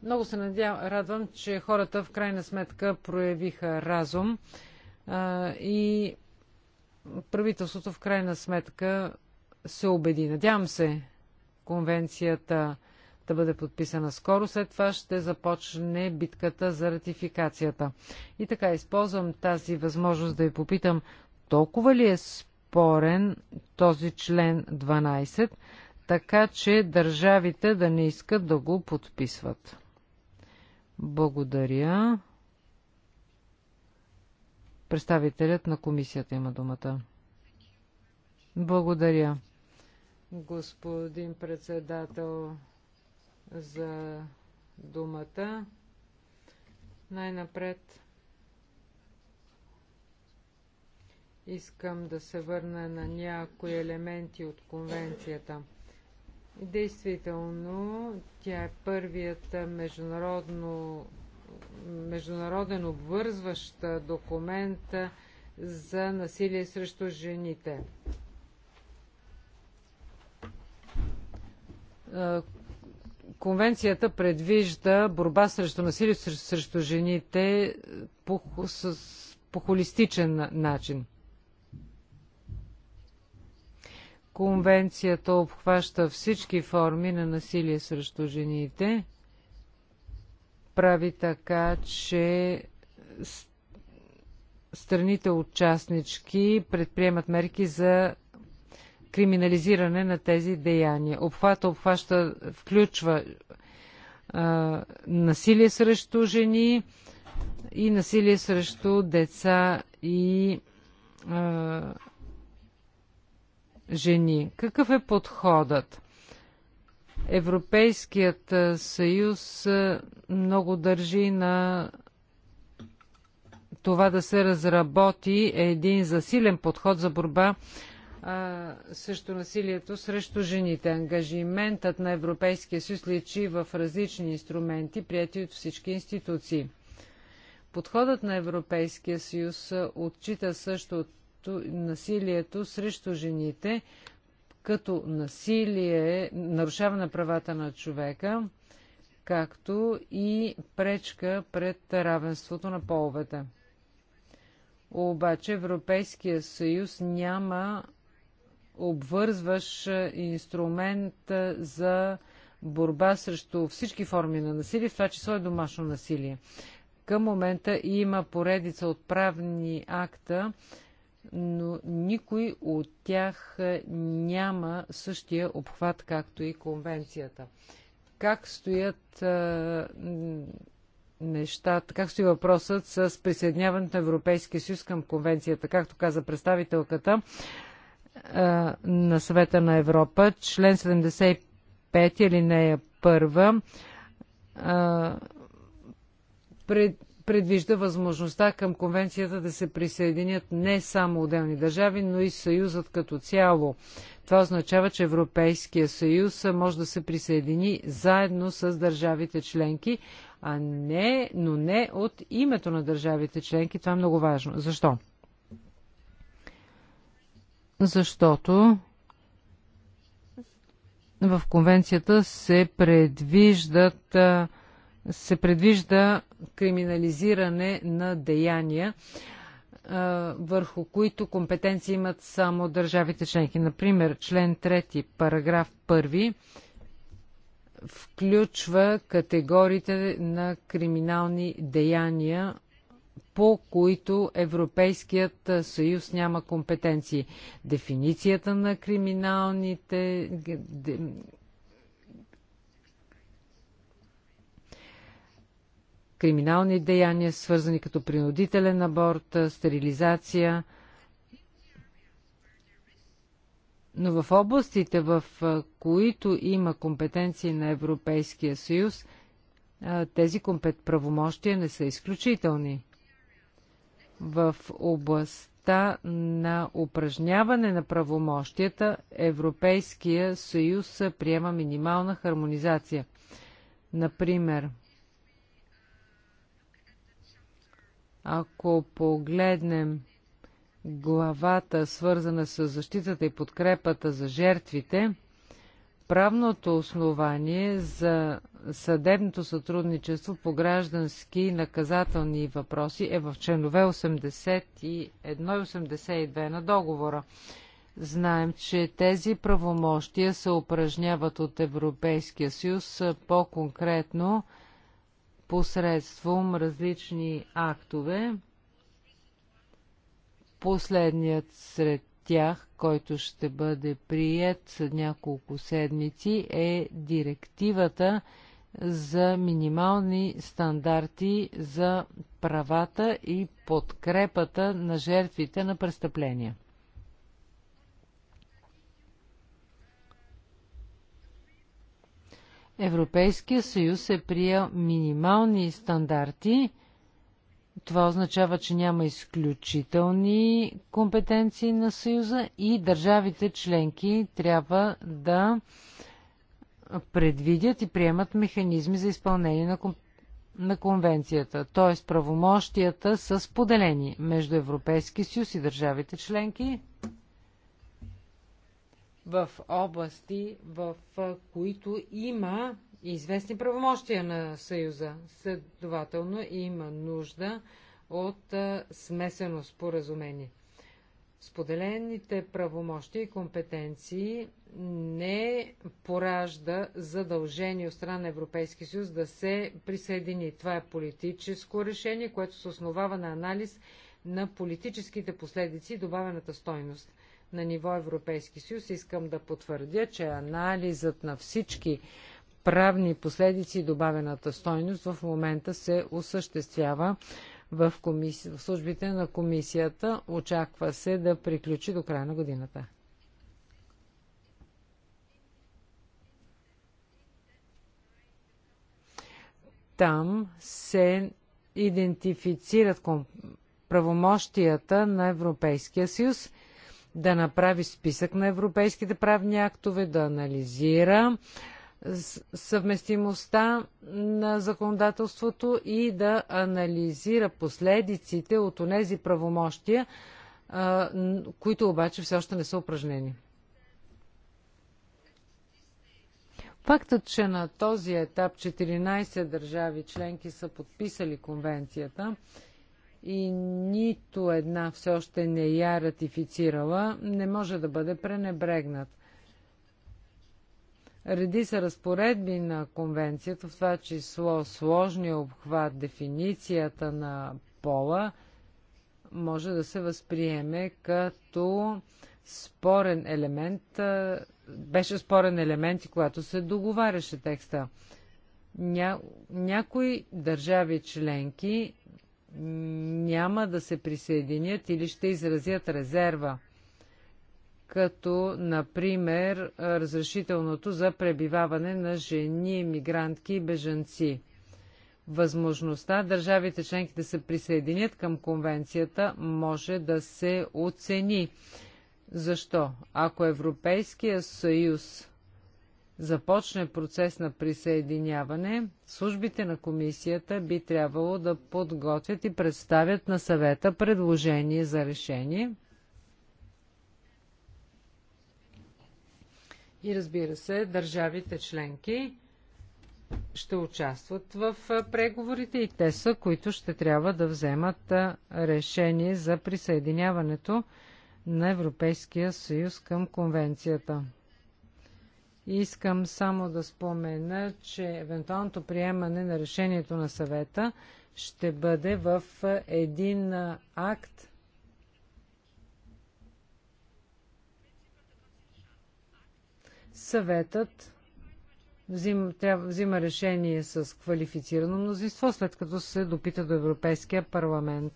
Много се надявам, радвам, че хората в крайна сметка проявиха разум а, и правителството в крайна сметка се убеди. Надявам се, конвенцията да бъде подписана скоро. След това ще започне битката за ратификацията. И така, използвам тази възможност да ви попитам, толкова ли е спорен този член 12, така че държавите да не искат да го подписват? Благодаря. Представителят на комисията има думата. Благодаря господин председател, за думата. Най-напред искам да се върна на някои елементи от конвенцията. Действително, тя е първият международно, международен обвързващ документ за насилие срещу жените. Конвенцията предвижда борба срещу насилие срещу жените по, с, по холистичен начин. Конвенцията обхваща всички форми на насилие срещу жените, прави така, че страните участнички предприемат мерки за криминализиране на тези деяния. Обхвата обхваща, включва а, насилие срещу жени и насилие срещу деца и а, жени. Какъв е подходът? Европейският съюз много държи на това да се разработи един засилен подход за борба срещу също насилието срещу жените. Ангажиментът на Европейския съюз личи в различни инструменти, прияти от всички институции. Подходът на Европейския съюз отчита също насилието срещу жените като насилие, нарушаване на правата на човека, както и пречка пред равенството на половете. Обаче Европейския съюз няма обвързваш инструмент за борба срещу всички форми на насилие, в това число е домашно насилие. Към момента има поредица от правни акта, но никой от тях няма същия обхват, както и конвенцията. Как стоят нещата, как стои въпросът с присъединяването на Европейския съюз към конвенцията? Както каза представителката, на съвета на Европа, член 75 алинея 1, пред, предвижда възможността към конвенцията да се присъединят не само отделни държави, но и Съюзът като цяло. Това означава, че Европейския съюз може да се присъедини заедно с държавите членки, а не, но не от името на държавите членки. Това е много важно. Защо? защото в конвенцията се предвиждат се предвижда криминализиране на деяния, върху които компетенции имат само държавите членки. Например, член 3, параграф 1 включва категориите на криминални деяния, по които Европейският съюз няма компетенции. Дефиницията на криминалните. криминални деяния, свързани като принудителен аборт, стерилизация. Но в областите, в които има компетенции на Европейския съюз, тези правомощия не са изключителни в областта на упражняване на правомощията Европейския съюз приема минимална хармонизация. Например, ако погледнем главата, свързана с защитата и подкрепата за жертвите, правното основание за съдебното сътрудничество по граждански и наказателни въпроси е в членове 81 и 82 на договора. Знаем, че тези правомощия се упражняват от Европейския съюз по-конкретно посредством различни актове. Последният сред тях, който ще бъде прият след няколко седмици, е директивата за минимални стандарти за правата и подкрепата на жертвите на престъпления. Европейския съюз е приел минимални стандарти – това означава, че няма изключителни компетенции на Съюза и държавите членки трябва да предвидят и приемат механизми за изпълнение на, на конвенцията. Т.е. правомощията са споделени между Европейски съюз и държавите членки в области, в които има и известни правомощия на Съюза. Следователно има нужда от смесено споразумение. Споделените правомощи и компетенции не поражда задължение от страна на Европейския съюз да се присъедини. Това е политическо решение, което се основава на анализ на политическите последици и добавената стойност. На ниво Европейски съюз искам да потвърдя, че анализът на всички правни последици и добавената стойност в момента се осъществява в, комиси... в службите на комисията. Очаква се да приключи до края на годината. Там се идентифицират правомощията на Европейския съюз да направи списък на европейските правни актове, да анализира съвместимостта на законодателството и да анализира последиците от тези правомощия, които обаче все още не са упражнени. Фактът, че на този етап 14 държави членки са подписали конвенцията и нито една все още не я ратифицирала, не може да бъде пренебрегнат – Реди са разпоредби на конвенцията, в това число сложния обхват, дефиницията на пола, може да се възприеме като спорен елемент. Беше спорен елемент и когато се договаряше текста. Ня... Някои държави членки няма да се присъединят или ще изразят резерва като, например, разрешителното за пребиваване на жени, мигрантки и бежанци. Възможността държавите членки да се присъединят към конвенцията може да се оцени. Защо? Ако Европейския съюз започне процес на присъединяване, службите на комисията би трябвало да подготвят и представят на съвета предложение за решение – И разбира се, държавите членки ще участват в преговорите и те са, които ще трябва да вземат решение за присъединяването на Европейския съюз към конвенцията. Искам само да спомена, че евентуалното приемане на решението на съвета ще бъде в един акт, съветът взим, трябва, взима решение с квалифицирано мнозинство, след като се допита до Европейския парламент.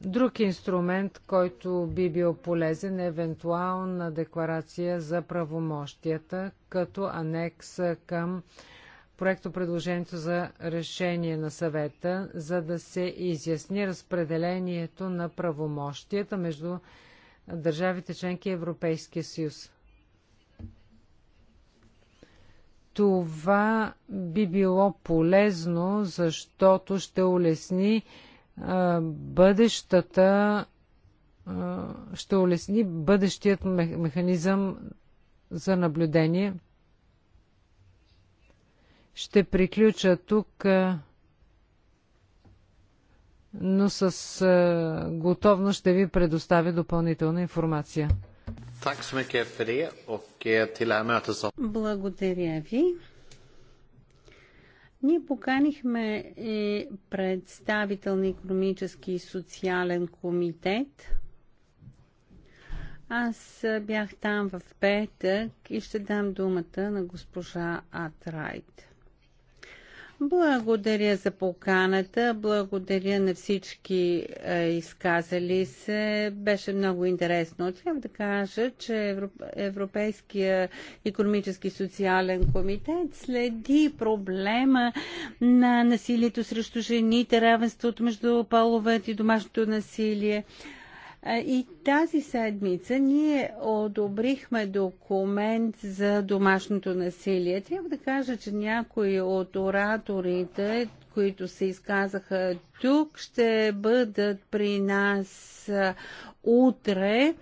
Друг инструмент, който би бил полезен е евентуална декларация за правомощията, като анекс към проекто предложението за решение на съвета, за да се изясни разпределението на правомощията между държавите членки Европейския съюз. Това би било полезно, защото ще улесни а, бъдещата а, ще улесни бъдещият механизъм за наблюдение. Ще приключа тук. А, но с е, готовност ще ви предоставя допълнителна информация. Е, Благодаря ви. Ние поканихме и е, представител на економически и социален комитет. Аз бях там в петък и ще дам думата на госпожа Атрайт. Благодаря за поканата, благодаря на всички е, изказали се. Беше много интересно. Трябва да кажа, че Европейския економически и социален комитет следи проблема на насилието срещу жените, равенството между половете и домашното насилие. И тази седмица ние одобрихме документ за домашното насилие. Трябва да кажа, че някои от ораторите, които се изказаха тук, ще бъдат при нас утре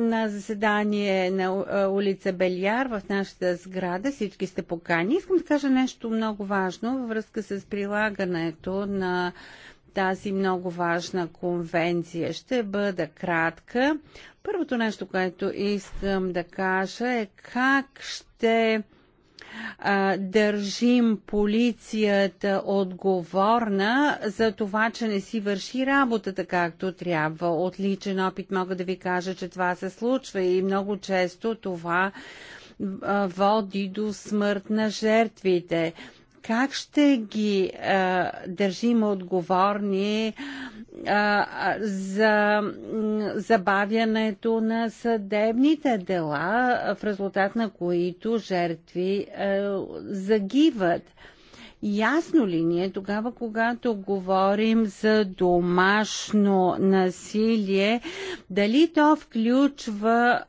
на заседание на улица Бельяр в нашата сграда. Всички сте покани. Искам да кажа нещо много важно във връзка с прилагането на тази много важна конвенция. Ще бъда кратка. Първото нещо, което искам да кажа е как ще а, държим полицията отговорна за това, че не си върши работата както трябва. От личен опит мога да ви кажа, че това се случва и много често това води до смърт на жертвите. Как ще ги а, държим отговорни а, за забавянето на съдебните дела, в резултат на които жертви а, загиват? ясно ли е тогава, когато говорим за домашно насилие, дали то включва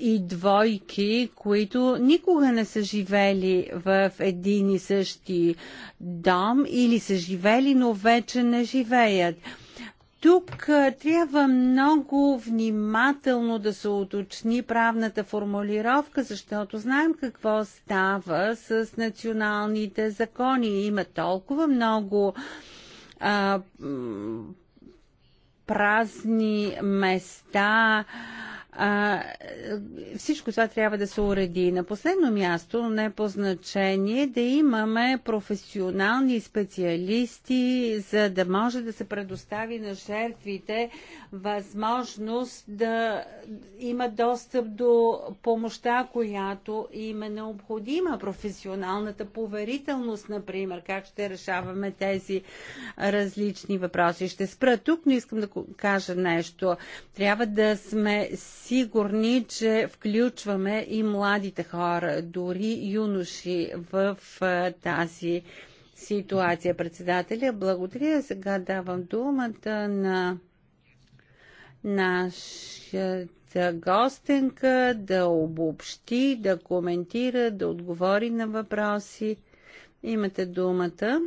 и двойки, които никога не са живели в един и същи дом или са живели, но вече не живеят. Тук трябва много внимателно да се уточни правната формулировка, защото знаем какво става с националните закони. Има толкова много а, празни места, а, всичко това трябва да се уреди. На последно място, но не по значение, да имаме професионални специалисти, за да може да се предостави на жертвите възможност да има достъп до помощта, която им е необходима. Професионалната поверителност, например, как ще решаваме тези различни въпроси. Ще спра тук, но искам да кажа нещо. Трябва да сме сигурни, че включваме и младите хора, дори юноши в тази ситуация. Председателя, благодаря. Сега давам думата на нашата гостенка да обобщи, да коментира, да отговори на въпроси. Имате думата.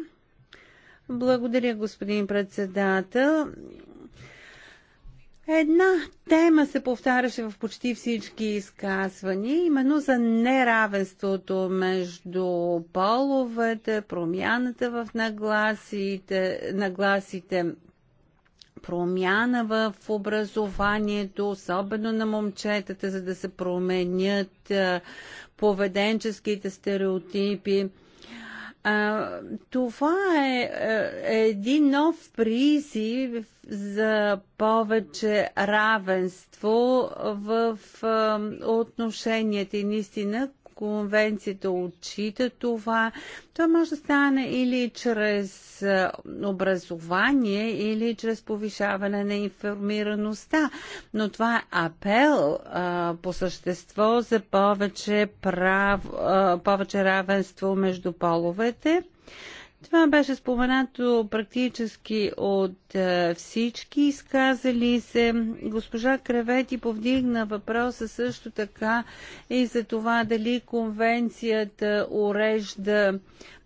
Благодаря, господин председател. Една тема се повтаряше в почти всички изказвания, именно за неравенството между половете, промяната в нагласите, нагласите промяна в образованието, особено на момчетата, за да се променят поведенческите стереотипи. А, това е, е един нов призив за повече равенство в е, отношенията и наистина конвенцията отчита това. То може да стане или чрез образование, или чрез повишаване на информираността. Но това е апел а, по същество за повече, прав, а, повече равенство между половете. Това беше споменато практически от е, всички изказали се. Госпожа Кревети повдигна въпроса също така и за това дали конвенцията урежда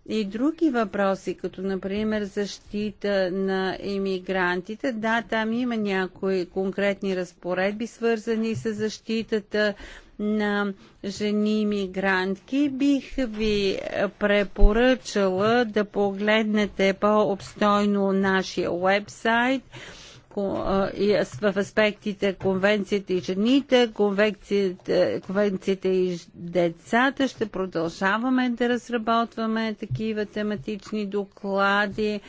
и други въпроси, като например защита на иммигрантите. Да, там има някои конкретни разпоредби, свързани с защитата на жени мигрантки. Бих ви препоръчала да погледнете по-обстойно нашия вебсайт в аспектите конвенцията и жените, конвенцията, конвенцията и децата. Ще продължаваме да разработваме такива тематични доклади.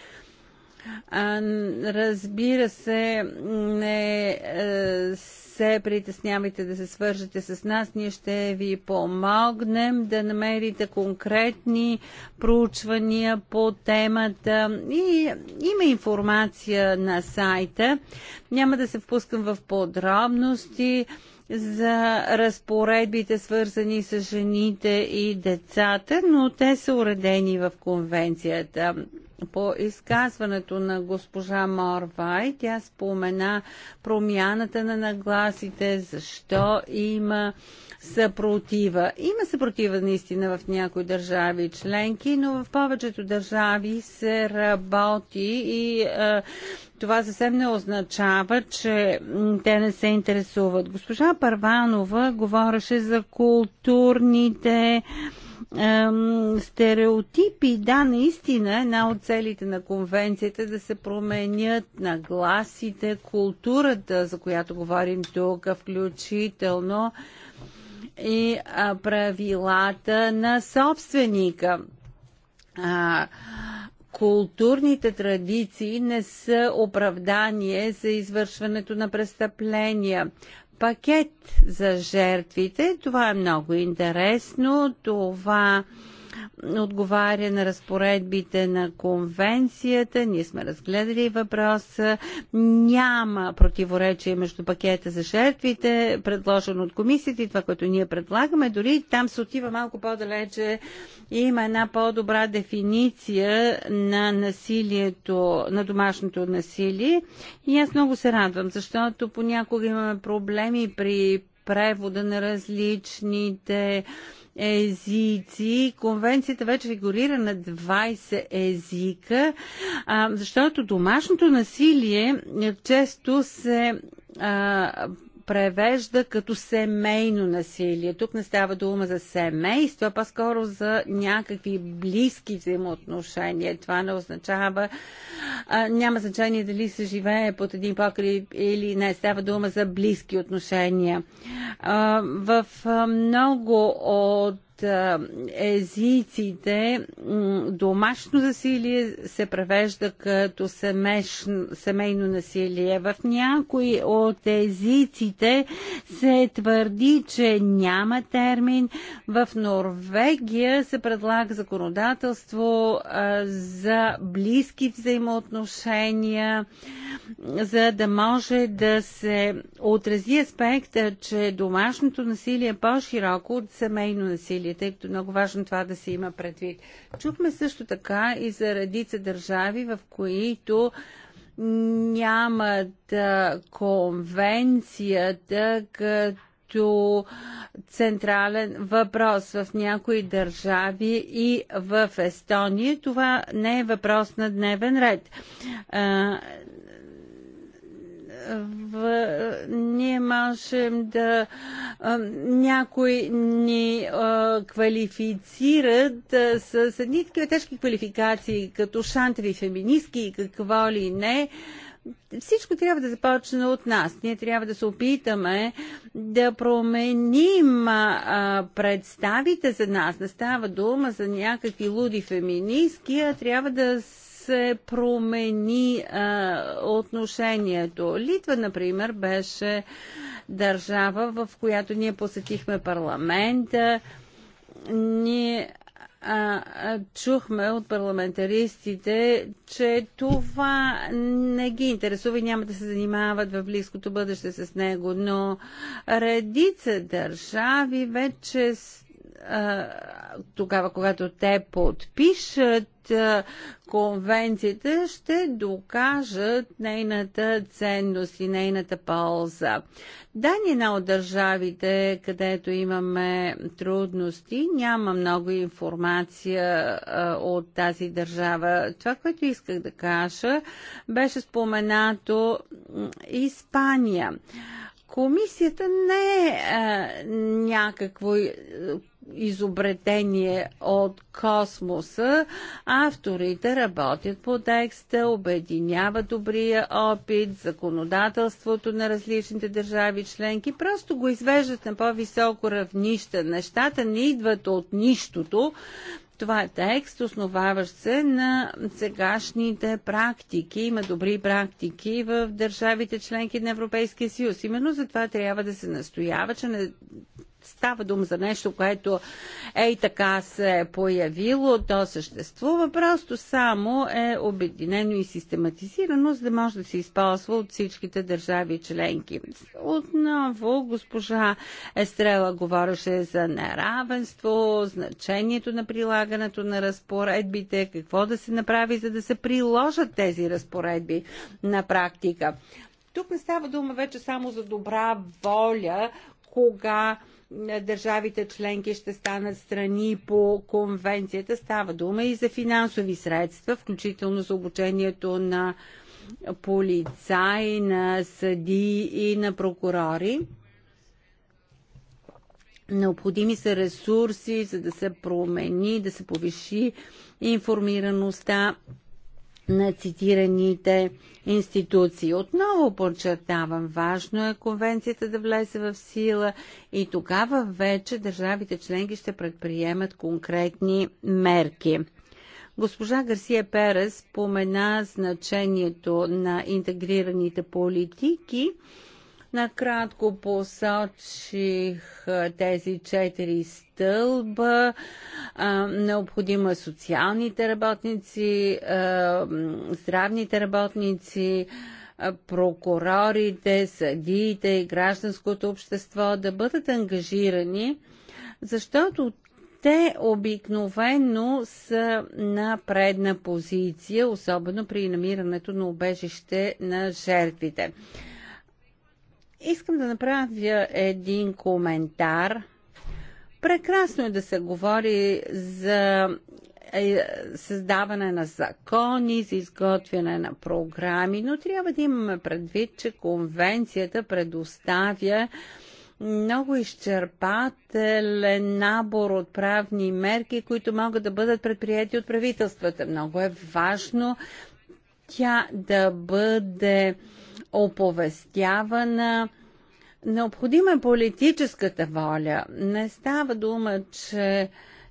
Разбира се, не е, се притеснявайте да се свържете с нас. Ние ще ви помогнем да намерите конкретни проучвания по темата. И има информация на сайта. Няма да се впускам в подробности за разпоредбите, свързани с жените и децата, но те са уредени в конвенцията по изказването на госпожа Морвай. Тя спомена промяната на нагласите, защо има съпротива. Има съпротива наистина в някои държави членки, но в повечето държави се работи и е, това съвсем не означава, че те не се интересуват. Госпожа Парванова говореше за културните ем, стереотипи. Да, наистина една от целите на конвенцията е да се променят нагласите, културата, за която говорим тук, включително и а, правилата на собственика. А, културните традиции не са оправдание за извършването на престъпления пакет за жертвите. Това е много интересно. Това отговаря на разпоредбите на конвенцията. Ние сме разгледали въпроса. Няма противоречие между пакета за жертвите, предложен от комисията и това, което ние предлагаме. Дори там се отива малко по-далече. Има една по-добра дефиниция на насилието, на домашното насилие. И аз много се радвам, защото понякога имаме проблеми при превода на различните езици. Конвенцията вече фигурира на 20 езика, а, защото домашното насилие често се а, превежда като семейно насилие. Тук не става дума за семейство, а по-скоро за някакви близки взаимоотношения. Това не означава, а, няма значение дали се живее под един покрив или не. Става дума за близки отношения. А, в много от езиците домашно насилие се превежда като семейно насилие. В някои от езиците се твърди, че няма термин. В Норвегия се предлага законодателство за близки взаимоотношения, за да може да се отрази аспекта, че домашното насилие е по-широко от семейно насилие потребители, тъй като е много важно това да се има предвид. Чухме също така и за редица държави, в които нямат конвенцията като централен въпрос в някои държави и в Естония. Това не е въпрос на дневен ред. в, ние можем да някои ни квалифицират с едни такива тежки квалификации, като шантри феминистки и какво ли не всичко трябва да започне от нас. Ние трябва да се опитаме да променим а, представите за нас. Не става дума за някакви луди феминистки, а трябва да се промени а, отношението. Литва, например, беше държава, в която ние посетихме парламента. Ние а, а, чухме от парламентаристите, че това не ги интересува и няма да се занимават в близкото бъдеще с него, но редица държави вече тогава, когато те подпишат конвенцията, ще докажат нейната ценност и нейната полза. Дания е една от държавите, където имаме трудности, няма много информация от тази държава. Това, което исках да кажа, беше споменато Испания. Комисията не е а, някакво изобретение от космоса. Авторите работят по текста, обединяват добрия опит, законодателството на различните държави членки, просто го извеждат на по-високо равнище. Нещата не идват от нищото. Това е текст, основаващ се на сегашните практики. Има добри практики в държавите членки на Европейския съюз. Именно за това трябва да се настоява, че не става дума за нещо, което ей така се е появило, то съществува, просто само е обединено и систематизирано, за да може да се използва от всичките държави членки. Отново госпожа Естрела говореше за неравенство, значението на прилагането на разпоредбите, какво да се направи, за да се приложат тези разпоредби на практика. Тук не става дума вече само за добра воля, кога държавите членки ще станат страни по конвенцията. Става дума и за финансови средства, включително за обучението на полицаи, на съди и на прокурори. Необходими са ресурси, за да се промени, да се повиши информираността на цитираните институции. Отново подчертавам, важно е конвенцията да влезе в сила и тогава вече държавите членки ще предприемат конкретни мерки. Госпожа Гарсия Перес спомена значението на интегрираните политики Накратко посочих тези четири стълба. Необходима е социалните работници, здравните работници, прокурорите, съдиите и гражданското общество да бъдат ангажирани, защото те обикновено са на предна позиция, особено при намирането на убежище на жертвите. Искам да направя един коментар. Прекрасно е да се говори за е, създаване на закони, за изготвяне на програми, но трябва да имаме предвид, че конвенцията предоставя много изчерпателен набор от правни мерки, които могат да бъдат предприяти от правителствата. Много е важно тя да бъде оповестявана. Необходима е политическата воля. Не става дума, че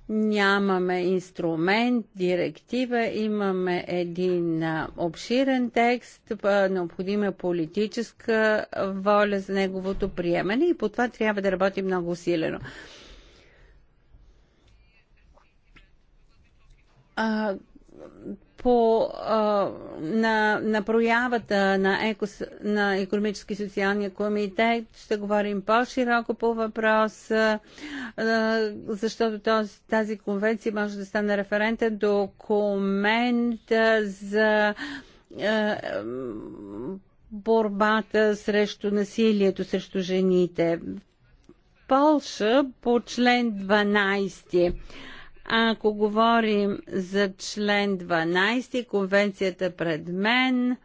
нямаме инструмент, директива, имаме един обширен текст, необходима е политическа воля за неговото приемане и по това трябва да работи много усилено по, а, на, на проявата на, екос, на економически и социалния комитет. Ще говорим по-широко по въпроса, а, защото този, тази конвенция може да стане референтен документ за а, борбата срещу насилието срещу жените. Полша по член 12. Ако говорим за член 12, конвенцията пред мен,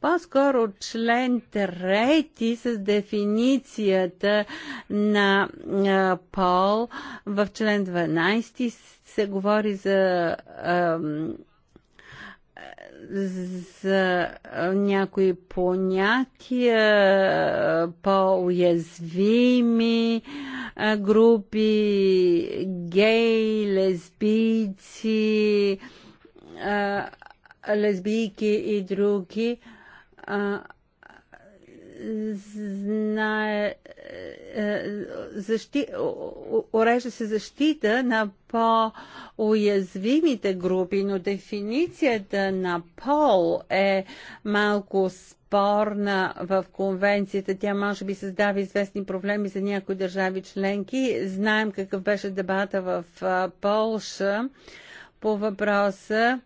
по-скоро член 3 с дефиницията на пол в член 12 се говори за а, за някои понятия, по-уязвими групи, гей, лесбийци, лесбийки и други знае, е, е, защи, урежда се защита на по-уязвимите групи, но дефиницията на пол е малко спорна в конвенцията. Тя може би създава известни проблеми за някои държави членки. Знаем какъв беше дебата в е, Полша по въпроса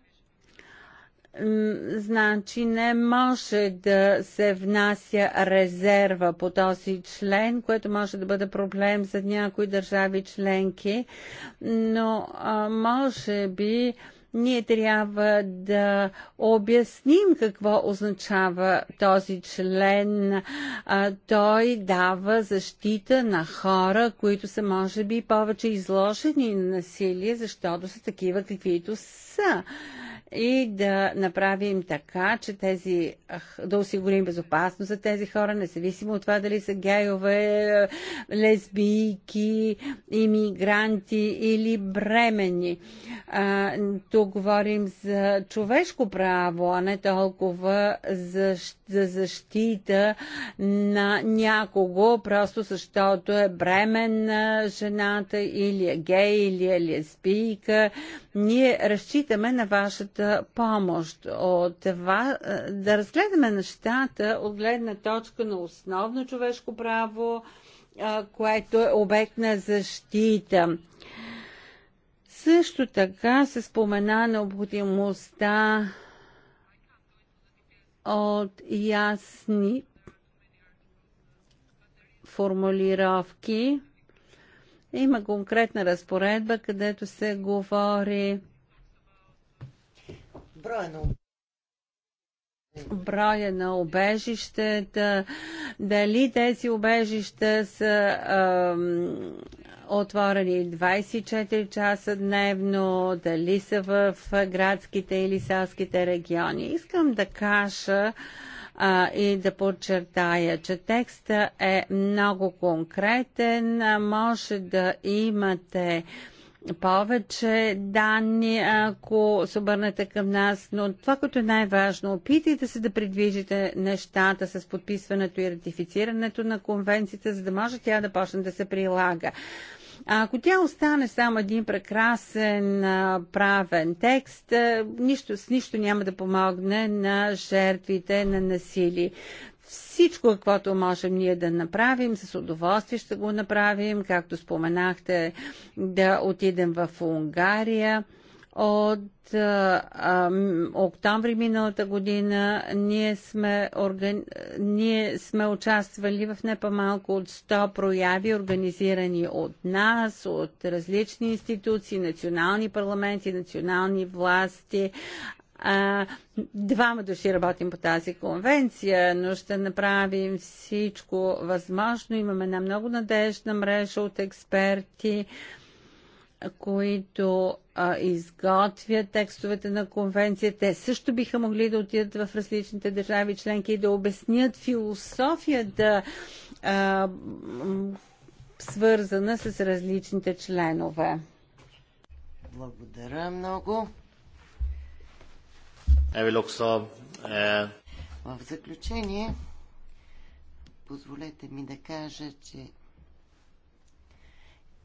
Значи не може да се внася резерва по този член, което може да бъде проблем за някои държави членки, но може би ние трябва да обясним какво означава този член. той дава защита на хора, които са, може би, повече изложени на насилие, защото са такива, каквито са и да направим така, че тези, да осигурим безопасност за тези хора, независимо от това дали са гейове, лесбийки, иммигранти или бремени. тук говорим за човешко право, а не толкова защита за защита на някого, просто защото е бременна жената или е гей или е лесбийка. Ние разчитаме на вашата помощ. От това, да разгледаме нещата от гледна точка на основно човешко право, което е обект на защита. Също така се спомена необходимостта от ясни формулировки. Има конкретна разпоредба, където се говори броя на броя на обежищата, дали тези обежища са отворени 24 часа дневно, дали са в градските или селските региони. Искам да кажа а, и да подчертая, че текста е много конкретен, може да имате повече данни, ако се обърнете към нас, но това, което е най-важно, опитайте се да предвижите нещата с подписването и ратифицирането на конвенцията, за да може тя да почне да се прилага. Ако тя остане само един прекрасен правен текст, нищо, с нищо няма да помогне на жертвите на насилие всичко, каквото можем ние да направим, с удоволствие ще го направим, както споменахте, да отидем в Унгария. От а, а, октомври миналата година ние сме, органи... ние сме участвали в не по-малко от 100 прояви, организирани от нас, от различни институции, национални парламенти, национални власти, Двама души работим по тази конвенция, но ще направим всичко възможно. Имаме една много надежна мрежа от експерти, които а, изготвят текстовете на конвенцията, те също биха могли да отидат в различните държави членки и да обяснят философията, а, свързана с различните членове. Благодаря много. Uh, в заключение, позволете ми да кажа, че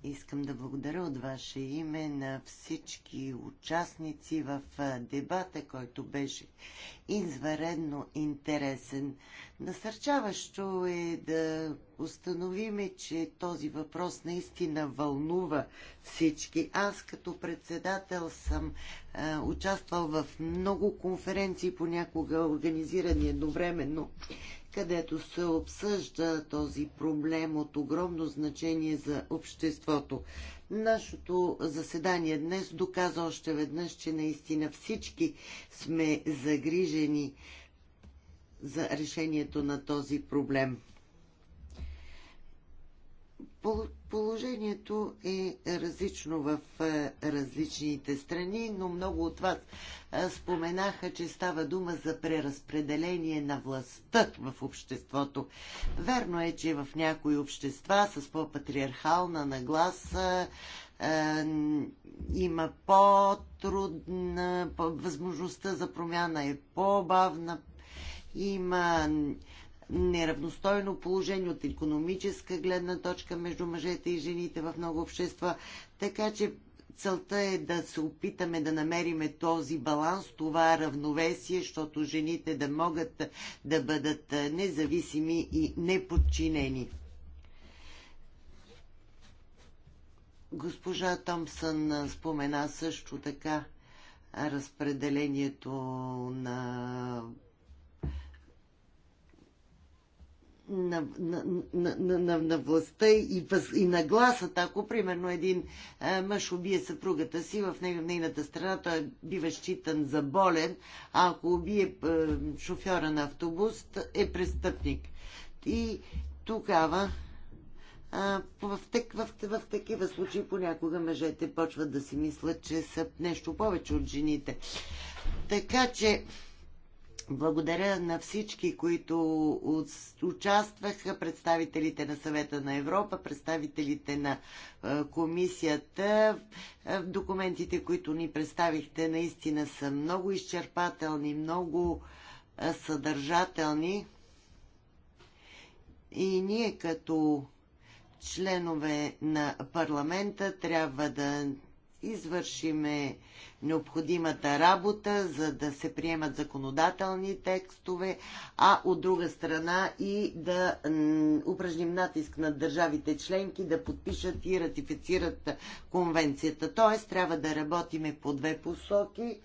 Искам да благодаря от ваше име на всички участници в дебата, който беше изваредно интересен. Насърчаващо е да установиме, че този въпрос наистина вълнува всички. Аз като председател съм а, участвал в много конференции, понякога организирани едновременно където се обсъжда този проблем от огромно значение за обществото. Нашето заседание днес доказа още веднъж, че наистина всички сме загрижени за решението на този проблем. Положението е различно в е, различните страни, но много от вас е, споменаха, че става дума за преразпределение на властта в обществото. Верно е, че в някои общества с по-патриархална нагласа е, има по-трудна, възможността за промяна е по-бавна, има неравностойно положение от економическа гледна точка между мъжете и жените в много общества. Така че целта е да се опитаме да намериме този баланс, това равновесие, защото жените да могат да бъдат независими и неподчинени. Госпожа Томсън спомена също така разпределението на на, на, на, на, на властта и, въз, и на гласата. Ако, примерно, един а, е, мъж убие съпругата си в нейната страна, той бива считан за болен, а ако убие а, е, шофьора на автобус, е престъпник. И тогава а, е, в, так, в, в, в такива случаи понякога мъжете почват да си мислят, че са нещо повече от жените. Така че благодаря на всички, които участваха, представителите на съвета на Европа, представителите на комисията. Документите, които ни представихте, наистина са много изчерпателни, много съдържателни. И ние като членове на парламента трябва да извършиме необходимата работа, за да се приемат законодателни текстове, а от друга страна и да упражним натиск на държавите членки да подпишат и ратифицират конвенцията. Тоест, трябва да работиме по две посоки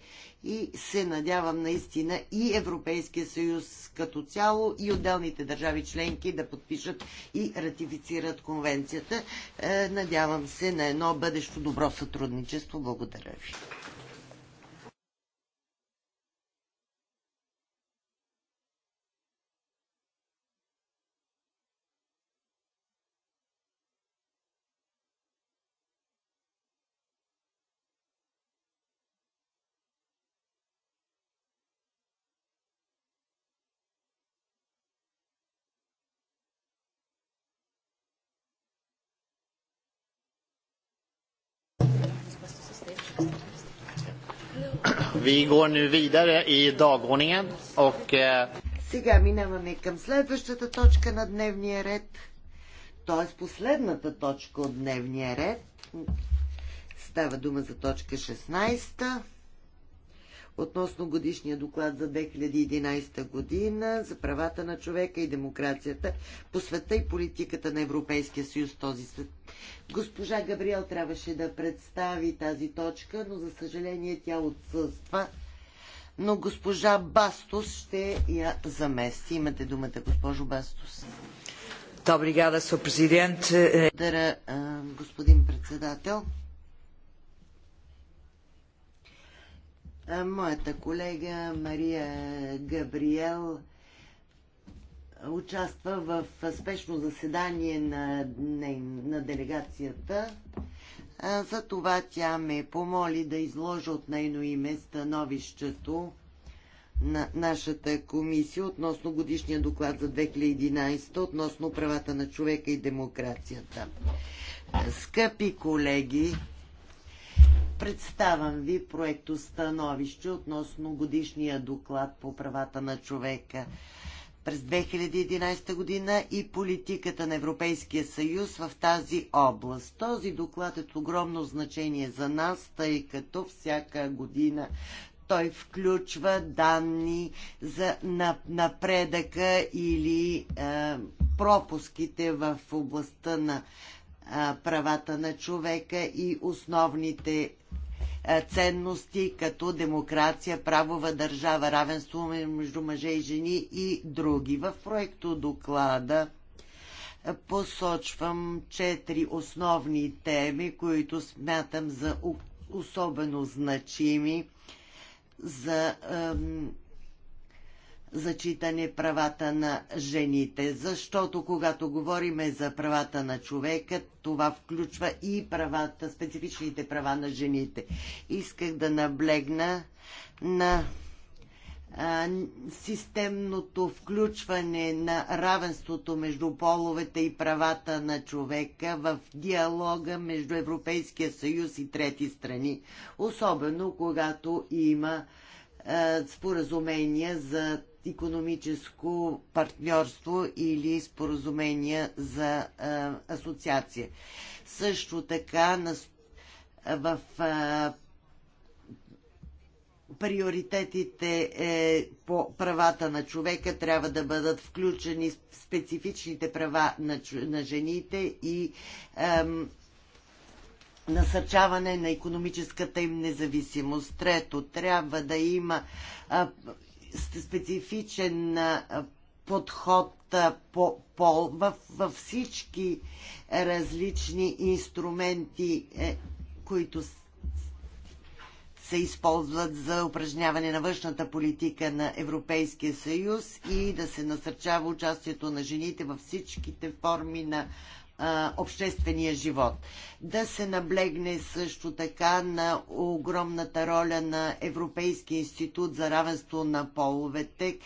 и се надявам наистина и Европейския съюз като цяло и отделните държави членки да подпишат и ратифицират конвенцията. Е, надявам се на едно бъдещо добро сътрудничество. Благодаря ви. Vi går nu vidare i dagordningen och... Eh, Сега минаваме към следващата точка на дневния ред, т.е. последната точка от дневния ред. Става дума за точка 16 относно годишния доклад за 2011 година за правата на човека и демокрацията по света и политиката на Европейския съюз този свет. Госпожа Габриел трябваше да представи тази точка, но за съжаление тя отсъства. Но госпожа Бастус ще я замести. Имате думата, госпожо Бастус. Добре, господин председател. Моята колега Мария Габриел участва в спешно заседание на, на делегацията. За това тя ме помоли да изложа от нейно име становището на нашата комисия относно годишния доклад за 2011 относно правата на човека и демокрацията. Скъпи колеги, Представям ви проекто становище относно годишния доклад по правата на човека през 2011 година и политиката на Европейския съюз в тази област. Този доклад е от огромно значение за нас, тъй като всяка година той включва данни за напредъка или е, пропуските в областта на правата на човека и основните ценности като демокрация, правова държава, равенство между мъже и жени и други. В проекто доклада посочвам четири основни теми, които смятам за особено значими за зачитане правата на жените, защото когато говориме за правата на човека, това включва и правата, специфичните права на жените. Исках да наблегна на а, системното включване на равенството между половете и правата на човека в диалога между Европейския съюз и трети страни, особено когато има споразумения за економическо партньорство или споразумения за а, асоциация. Също така на, в а, приоритетите е, по правата на човека трябва да бъдат включени специфичните права на, на жените и а, насърчаване на економическата им независимост. Трето, трябва да има а, специфичен подход по пол във всички различни инструменти, е, които се използват за упражняване на външната политика на Европейския съюз и да се насърчава участието на жените във всичките форми на а, обществения живот. Да се наблегне също така на огромната роля на Европейския институт за равенство на половете,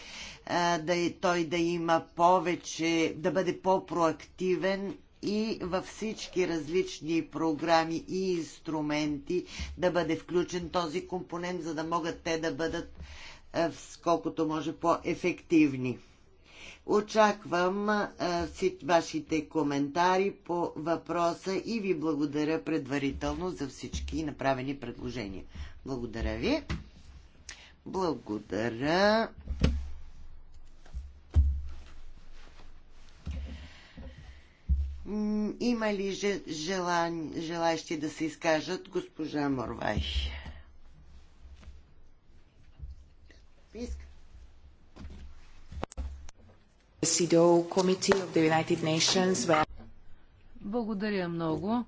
а, да е, той да има повече, да бъде по-проактивен и във всички различни програми и инструменти да бъде включен този компонент, за да могат те да бъдат а, колкото може по-ефективни. Очаквам а, си, вашите коментари по въпроса и ви благодаря предварително за всички направени предложения. Благодаря ви. Благодаря. Има ли желан, желащи да се изкажат госпожа Морвай? Искате E Благодаря много.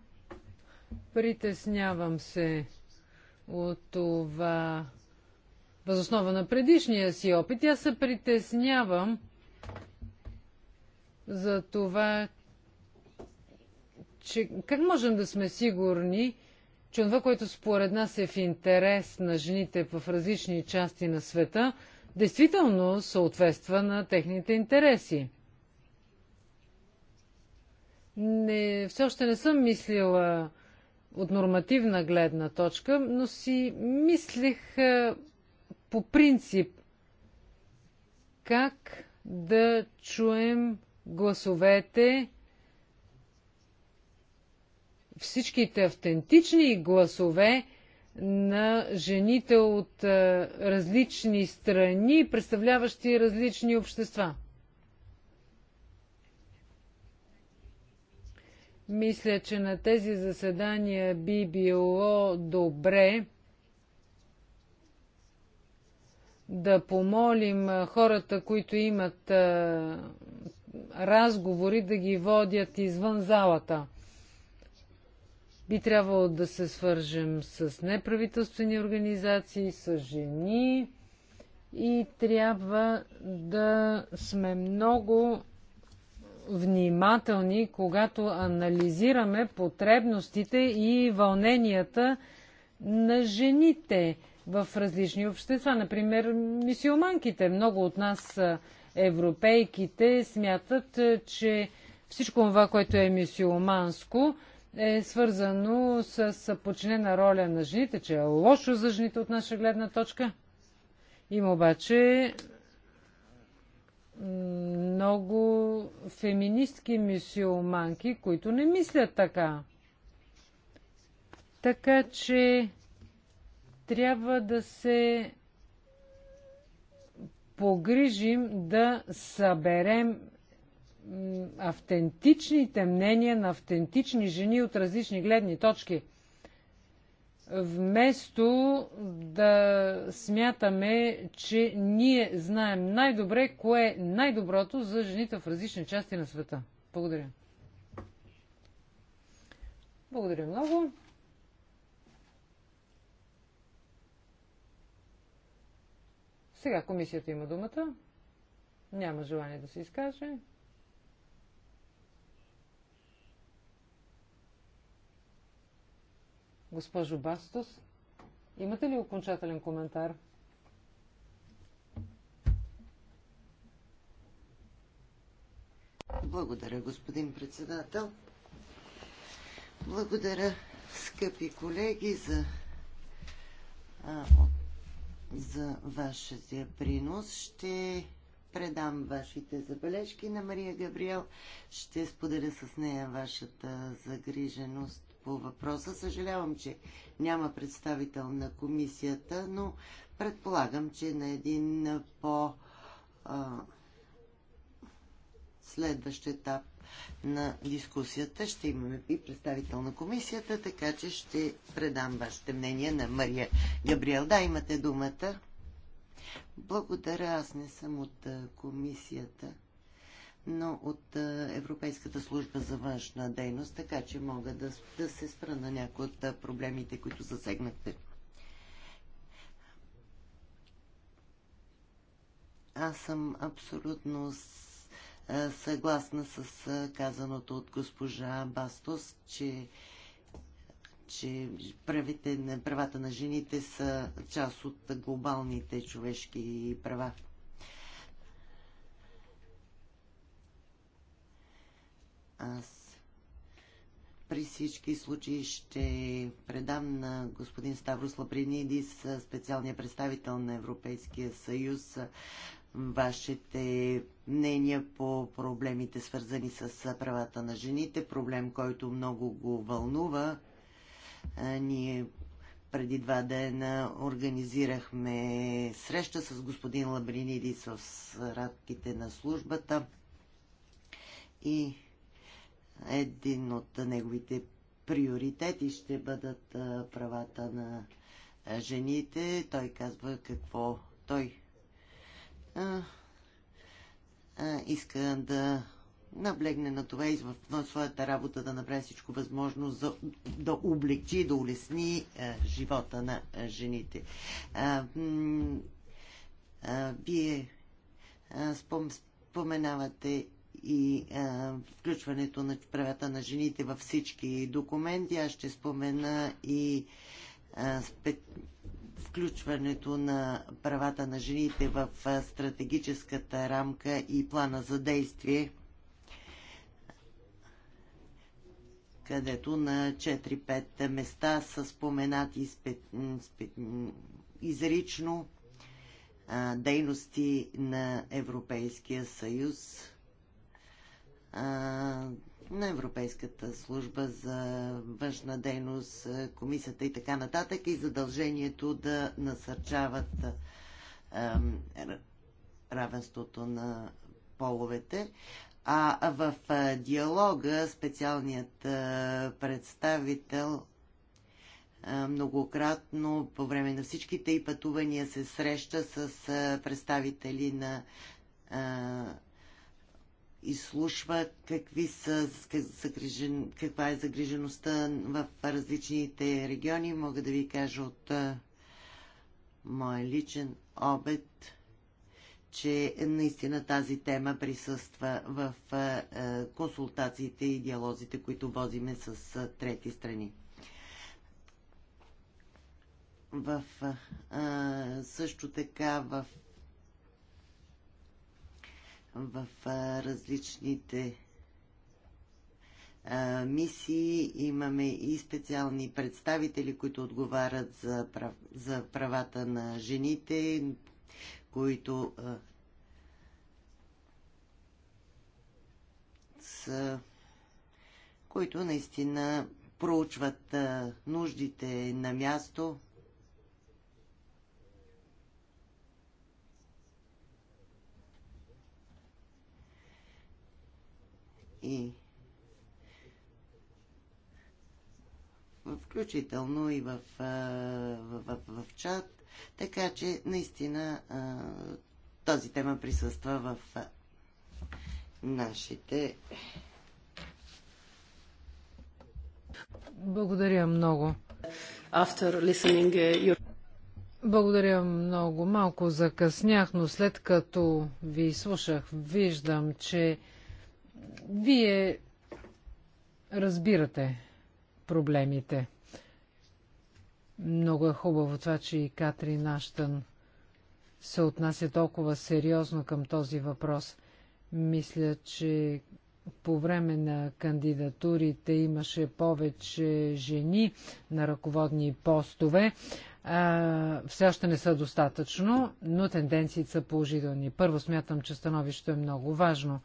Притеснявам се от това. Възоснова на предишния си опит, аз се притеснявам за това, че как можем да сме сигурни, че това, което според нас е в интерес на жените в различни части на света, действително съответства на техните интереси. Не, все още не съм мислила от нормативна гледна точка, но си мислих е, по принцип как да чуем гласовете, всичките автентични гласове на жените от е, различни страни, представляващи различни общества. Мисля, че на тези заседания би било добре да помолим хората, които имат е, разговори, да ги водят извън залата. Би трябвало да се свържем с неправителствени организации, с жени и трябва да сме много внимателни, когато анализираме потребностите и вълненията на жените в различни общества. Например, мисиоманките. Много от нас, европейките, смятат, че всичко това, което е мисиоманско, е свързано с подчинена роля на жените, че е лошо за жените от наша гледна точка. Има обаче много феминистки мисиоманки, които не мислят така. Така че трябва да се погрижим да съберем автентичните мнения на автентични жени от различни гледни точки. Вместо да смятаме, че ние знаем най-добре кое е най-доброто за жените в различни части на света. Благодаря. Благодаря много. Сега комисията има думата. Няма желание да се изкаже. Госпожо Бастос, имате ли окончателен коментар? Благодаря, господин председател. Благодаря, скъпи колеги, за, а, за вашия принос. Ще предам вашите забележки на Мария Габриел. Ще споделя с нея вашата загриженост по въпроса. Съжалявам, че няма представител на комисията, но предполагам, че на един по а, следващ етап на дискусията ще имаме и представител на комисията, така че ще предам вашето мнение на Мария Габриел. Да, имате думата. Благодаря, аз не съм от комисията но от е, Европейската служба за външна дейност, така че мога да, да се спра на някои от е, проблемите, които засегнахте. Аз съм абсолютно е, съгласна с казаното от госпожа Бастос, че че правите, правата на жените са част от глобалните човешки права. Аз при всички случаи ще предам на господин Ставрос Лапринидис, специалния представител на Европейския съюз, вашите мнения по проблемите, свързани с правата на жените, проблем, който много го вълнува. Ние преди два дена организирахме среща с господин Лабринидис в рамките на службата и един от неговите приоритети ще бъдат правата на жените. Той казва какво той а, а, иска да наблегне на това и в, своята работа да направи всичко възможно за, да облегчи, да улесни а, живота на а, жените. А, а, вие а, спом, споменавате и а, включването на правата на жените във всички документи. Аз ще спомена и а, спет... включването на правата на жените в а, стратегическата рамка и плана за действие, където на 4-5 места са споменати спет... Спет... изрично а, дейности на Европейския съюз на Европейската служба за външна дейност, комисията и така нататък и задължението да насърчават равенството на половете. А в диалога специалният представител многократно по време на всичките и пътувания се среща с представители на изслушва какви са, загрижен, каква е загрижеността в различните региони. Мога да ви кажа от мой личен обед, че наистина тази тема присъства в консултациите и диалозите, които возиме с трети страни. В, също така в в различните мисии имаме и специални представители, които отговарят за, прав, за правата на жените, които а, са, които наистина проучват а, нуждите на място и включително и в, в, в, в чат. Така че наистина тази тема присъства в нашите. Благодаря много. After listening, uh, your... Благодаря много. Малко закъснях, но след като ви слушах, виждам, че вие разбирате проблемите. Много е хубаво това, че и Катрин Наштън се отнася толкова сериозно към този въпрос. Мисля, че по време на кандидатурите имаше повече жени на ръководни постове. А, все още не са достатъчно, но тенденциите са положителни. Първо смятам, че становището е много важно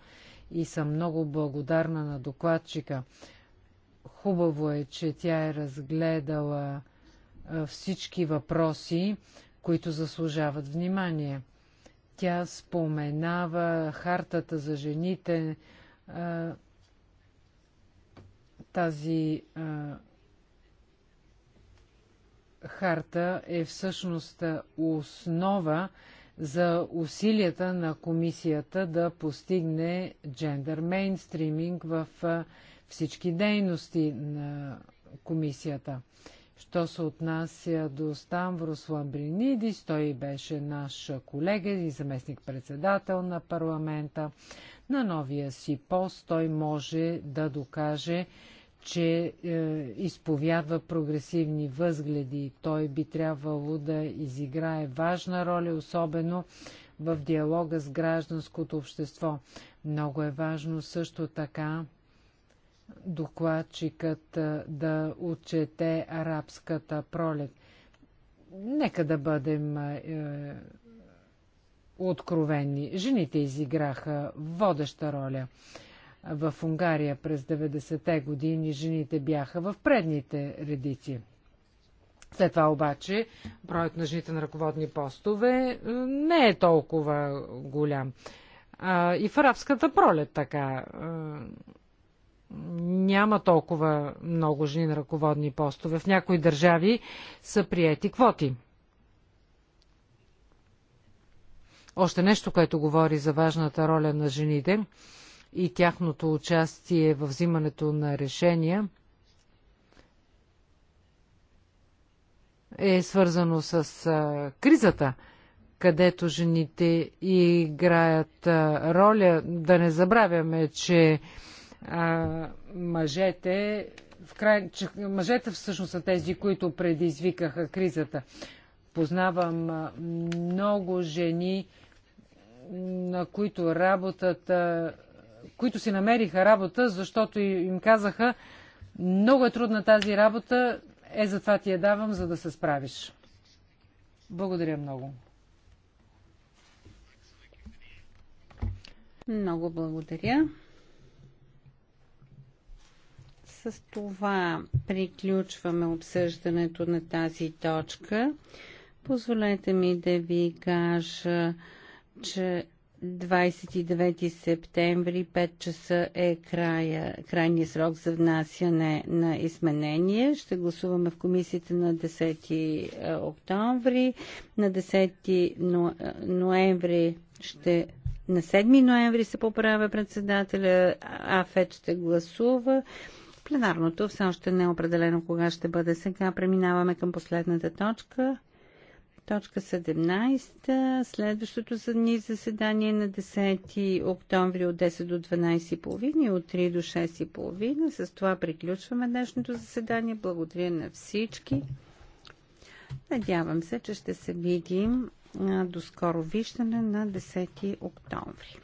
и съм много благодарна на докладчика. Хубаво е, че тя е разгледала всички въпроси, които заслужават внимание. Тя споменава хартата за жените, тази харта е всъщност основа за усилията на комисията да постигне джендър мейнстриминг в всички дейности на комисията. Що се отнася до Ставрос Ламбринидис, той беше наш колега и заместник-председател на парламента. На новия си пост той може да докаже, че е, изповядва прогресивни възгледи. Той би трябвало да изиграе важна роля, особено в диалога с гражданското общество. Много е важно също така докладчикът е, да отчете арабската пролет. Нека да бъдем е, откровени. Жените изиграха водеща роля в Унгария през 90-те години жените бяха в предните редици. След това обаче броят на жените на ръководни постове е, не е толкова голям. А, и в арабската пролет така. А, няма толкова много жени на ръководни постове. В някои държави са приети квоти. Още нещо, което говори за важната роля на жените и тяхното участие в взимането на решения е свързано с а, кризата, където жените играят а, роля. Да не забравяме, че а, мъжете в край, че мъжете всъщност са тези, които предизвикаха кризата. Познавам много жени, на които работата които си намериха работа, защото им казаха, много е трудна тази работа, е затова ти я давам, за да се справиш. Благодаря много. Много благодаря. С това приключваме обсъждането на тази точка. Позволете ми да ви кажа, че 29 септември, 5 часа е края, крайния срок за внасяне на изменение. Ще гласуваме в комисията на 10 е, октомври. На 10 е, ноември ще на 7 ноември се поправя председателя, АФЕД ще гласува. Пленарното все още не е определено кога ще бъде сега. Преминаваме към последната точка. Точка 17. Следващото за дни заседание на 10 октомври от 10 до 12.30 и от 3 до 6.30. С това приключваме днешното заседание. Благодаря на всички. Надявам се, че ще се видим до скоро виждане на 10 октомври.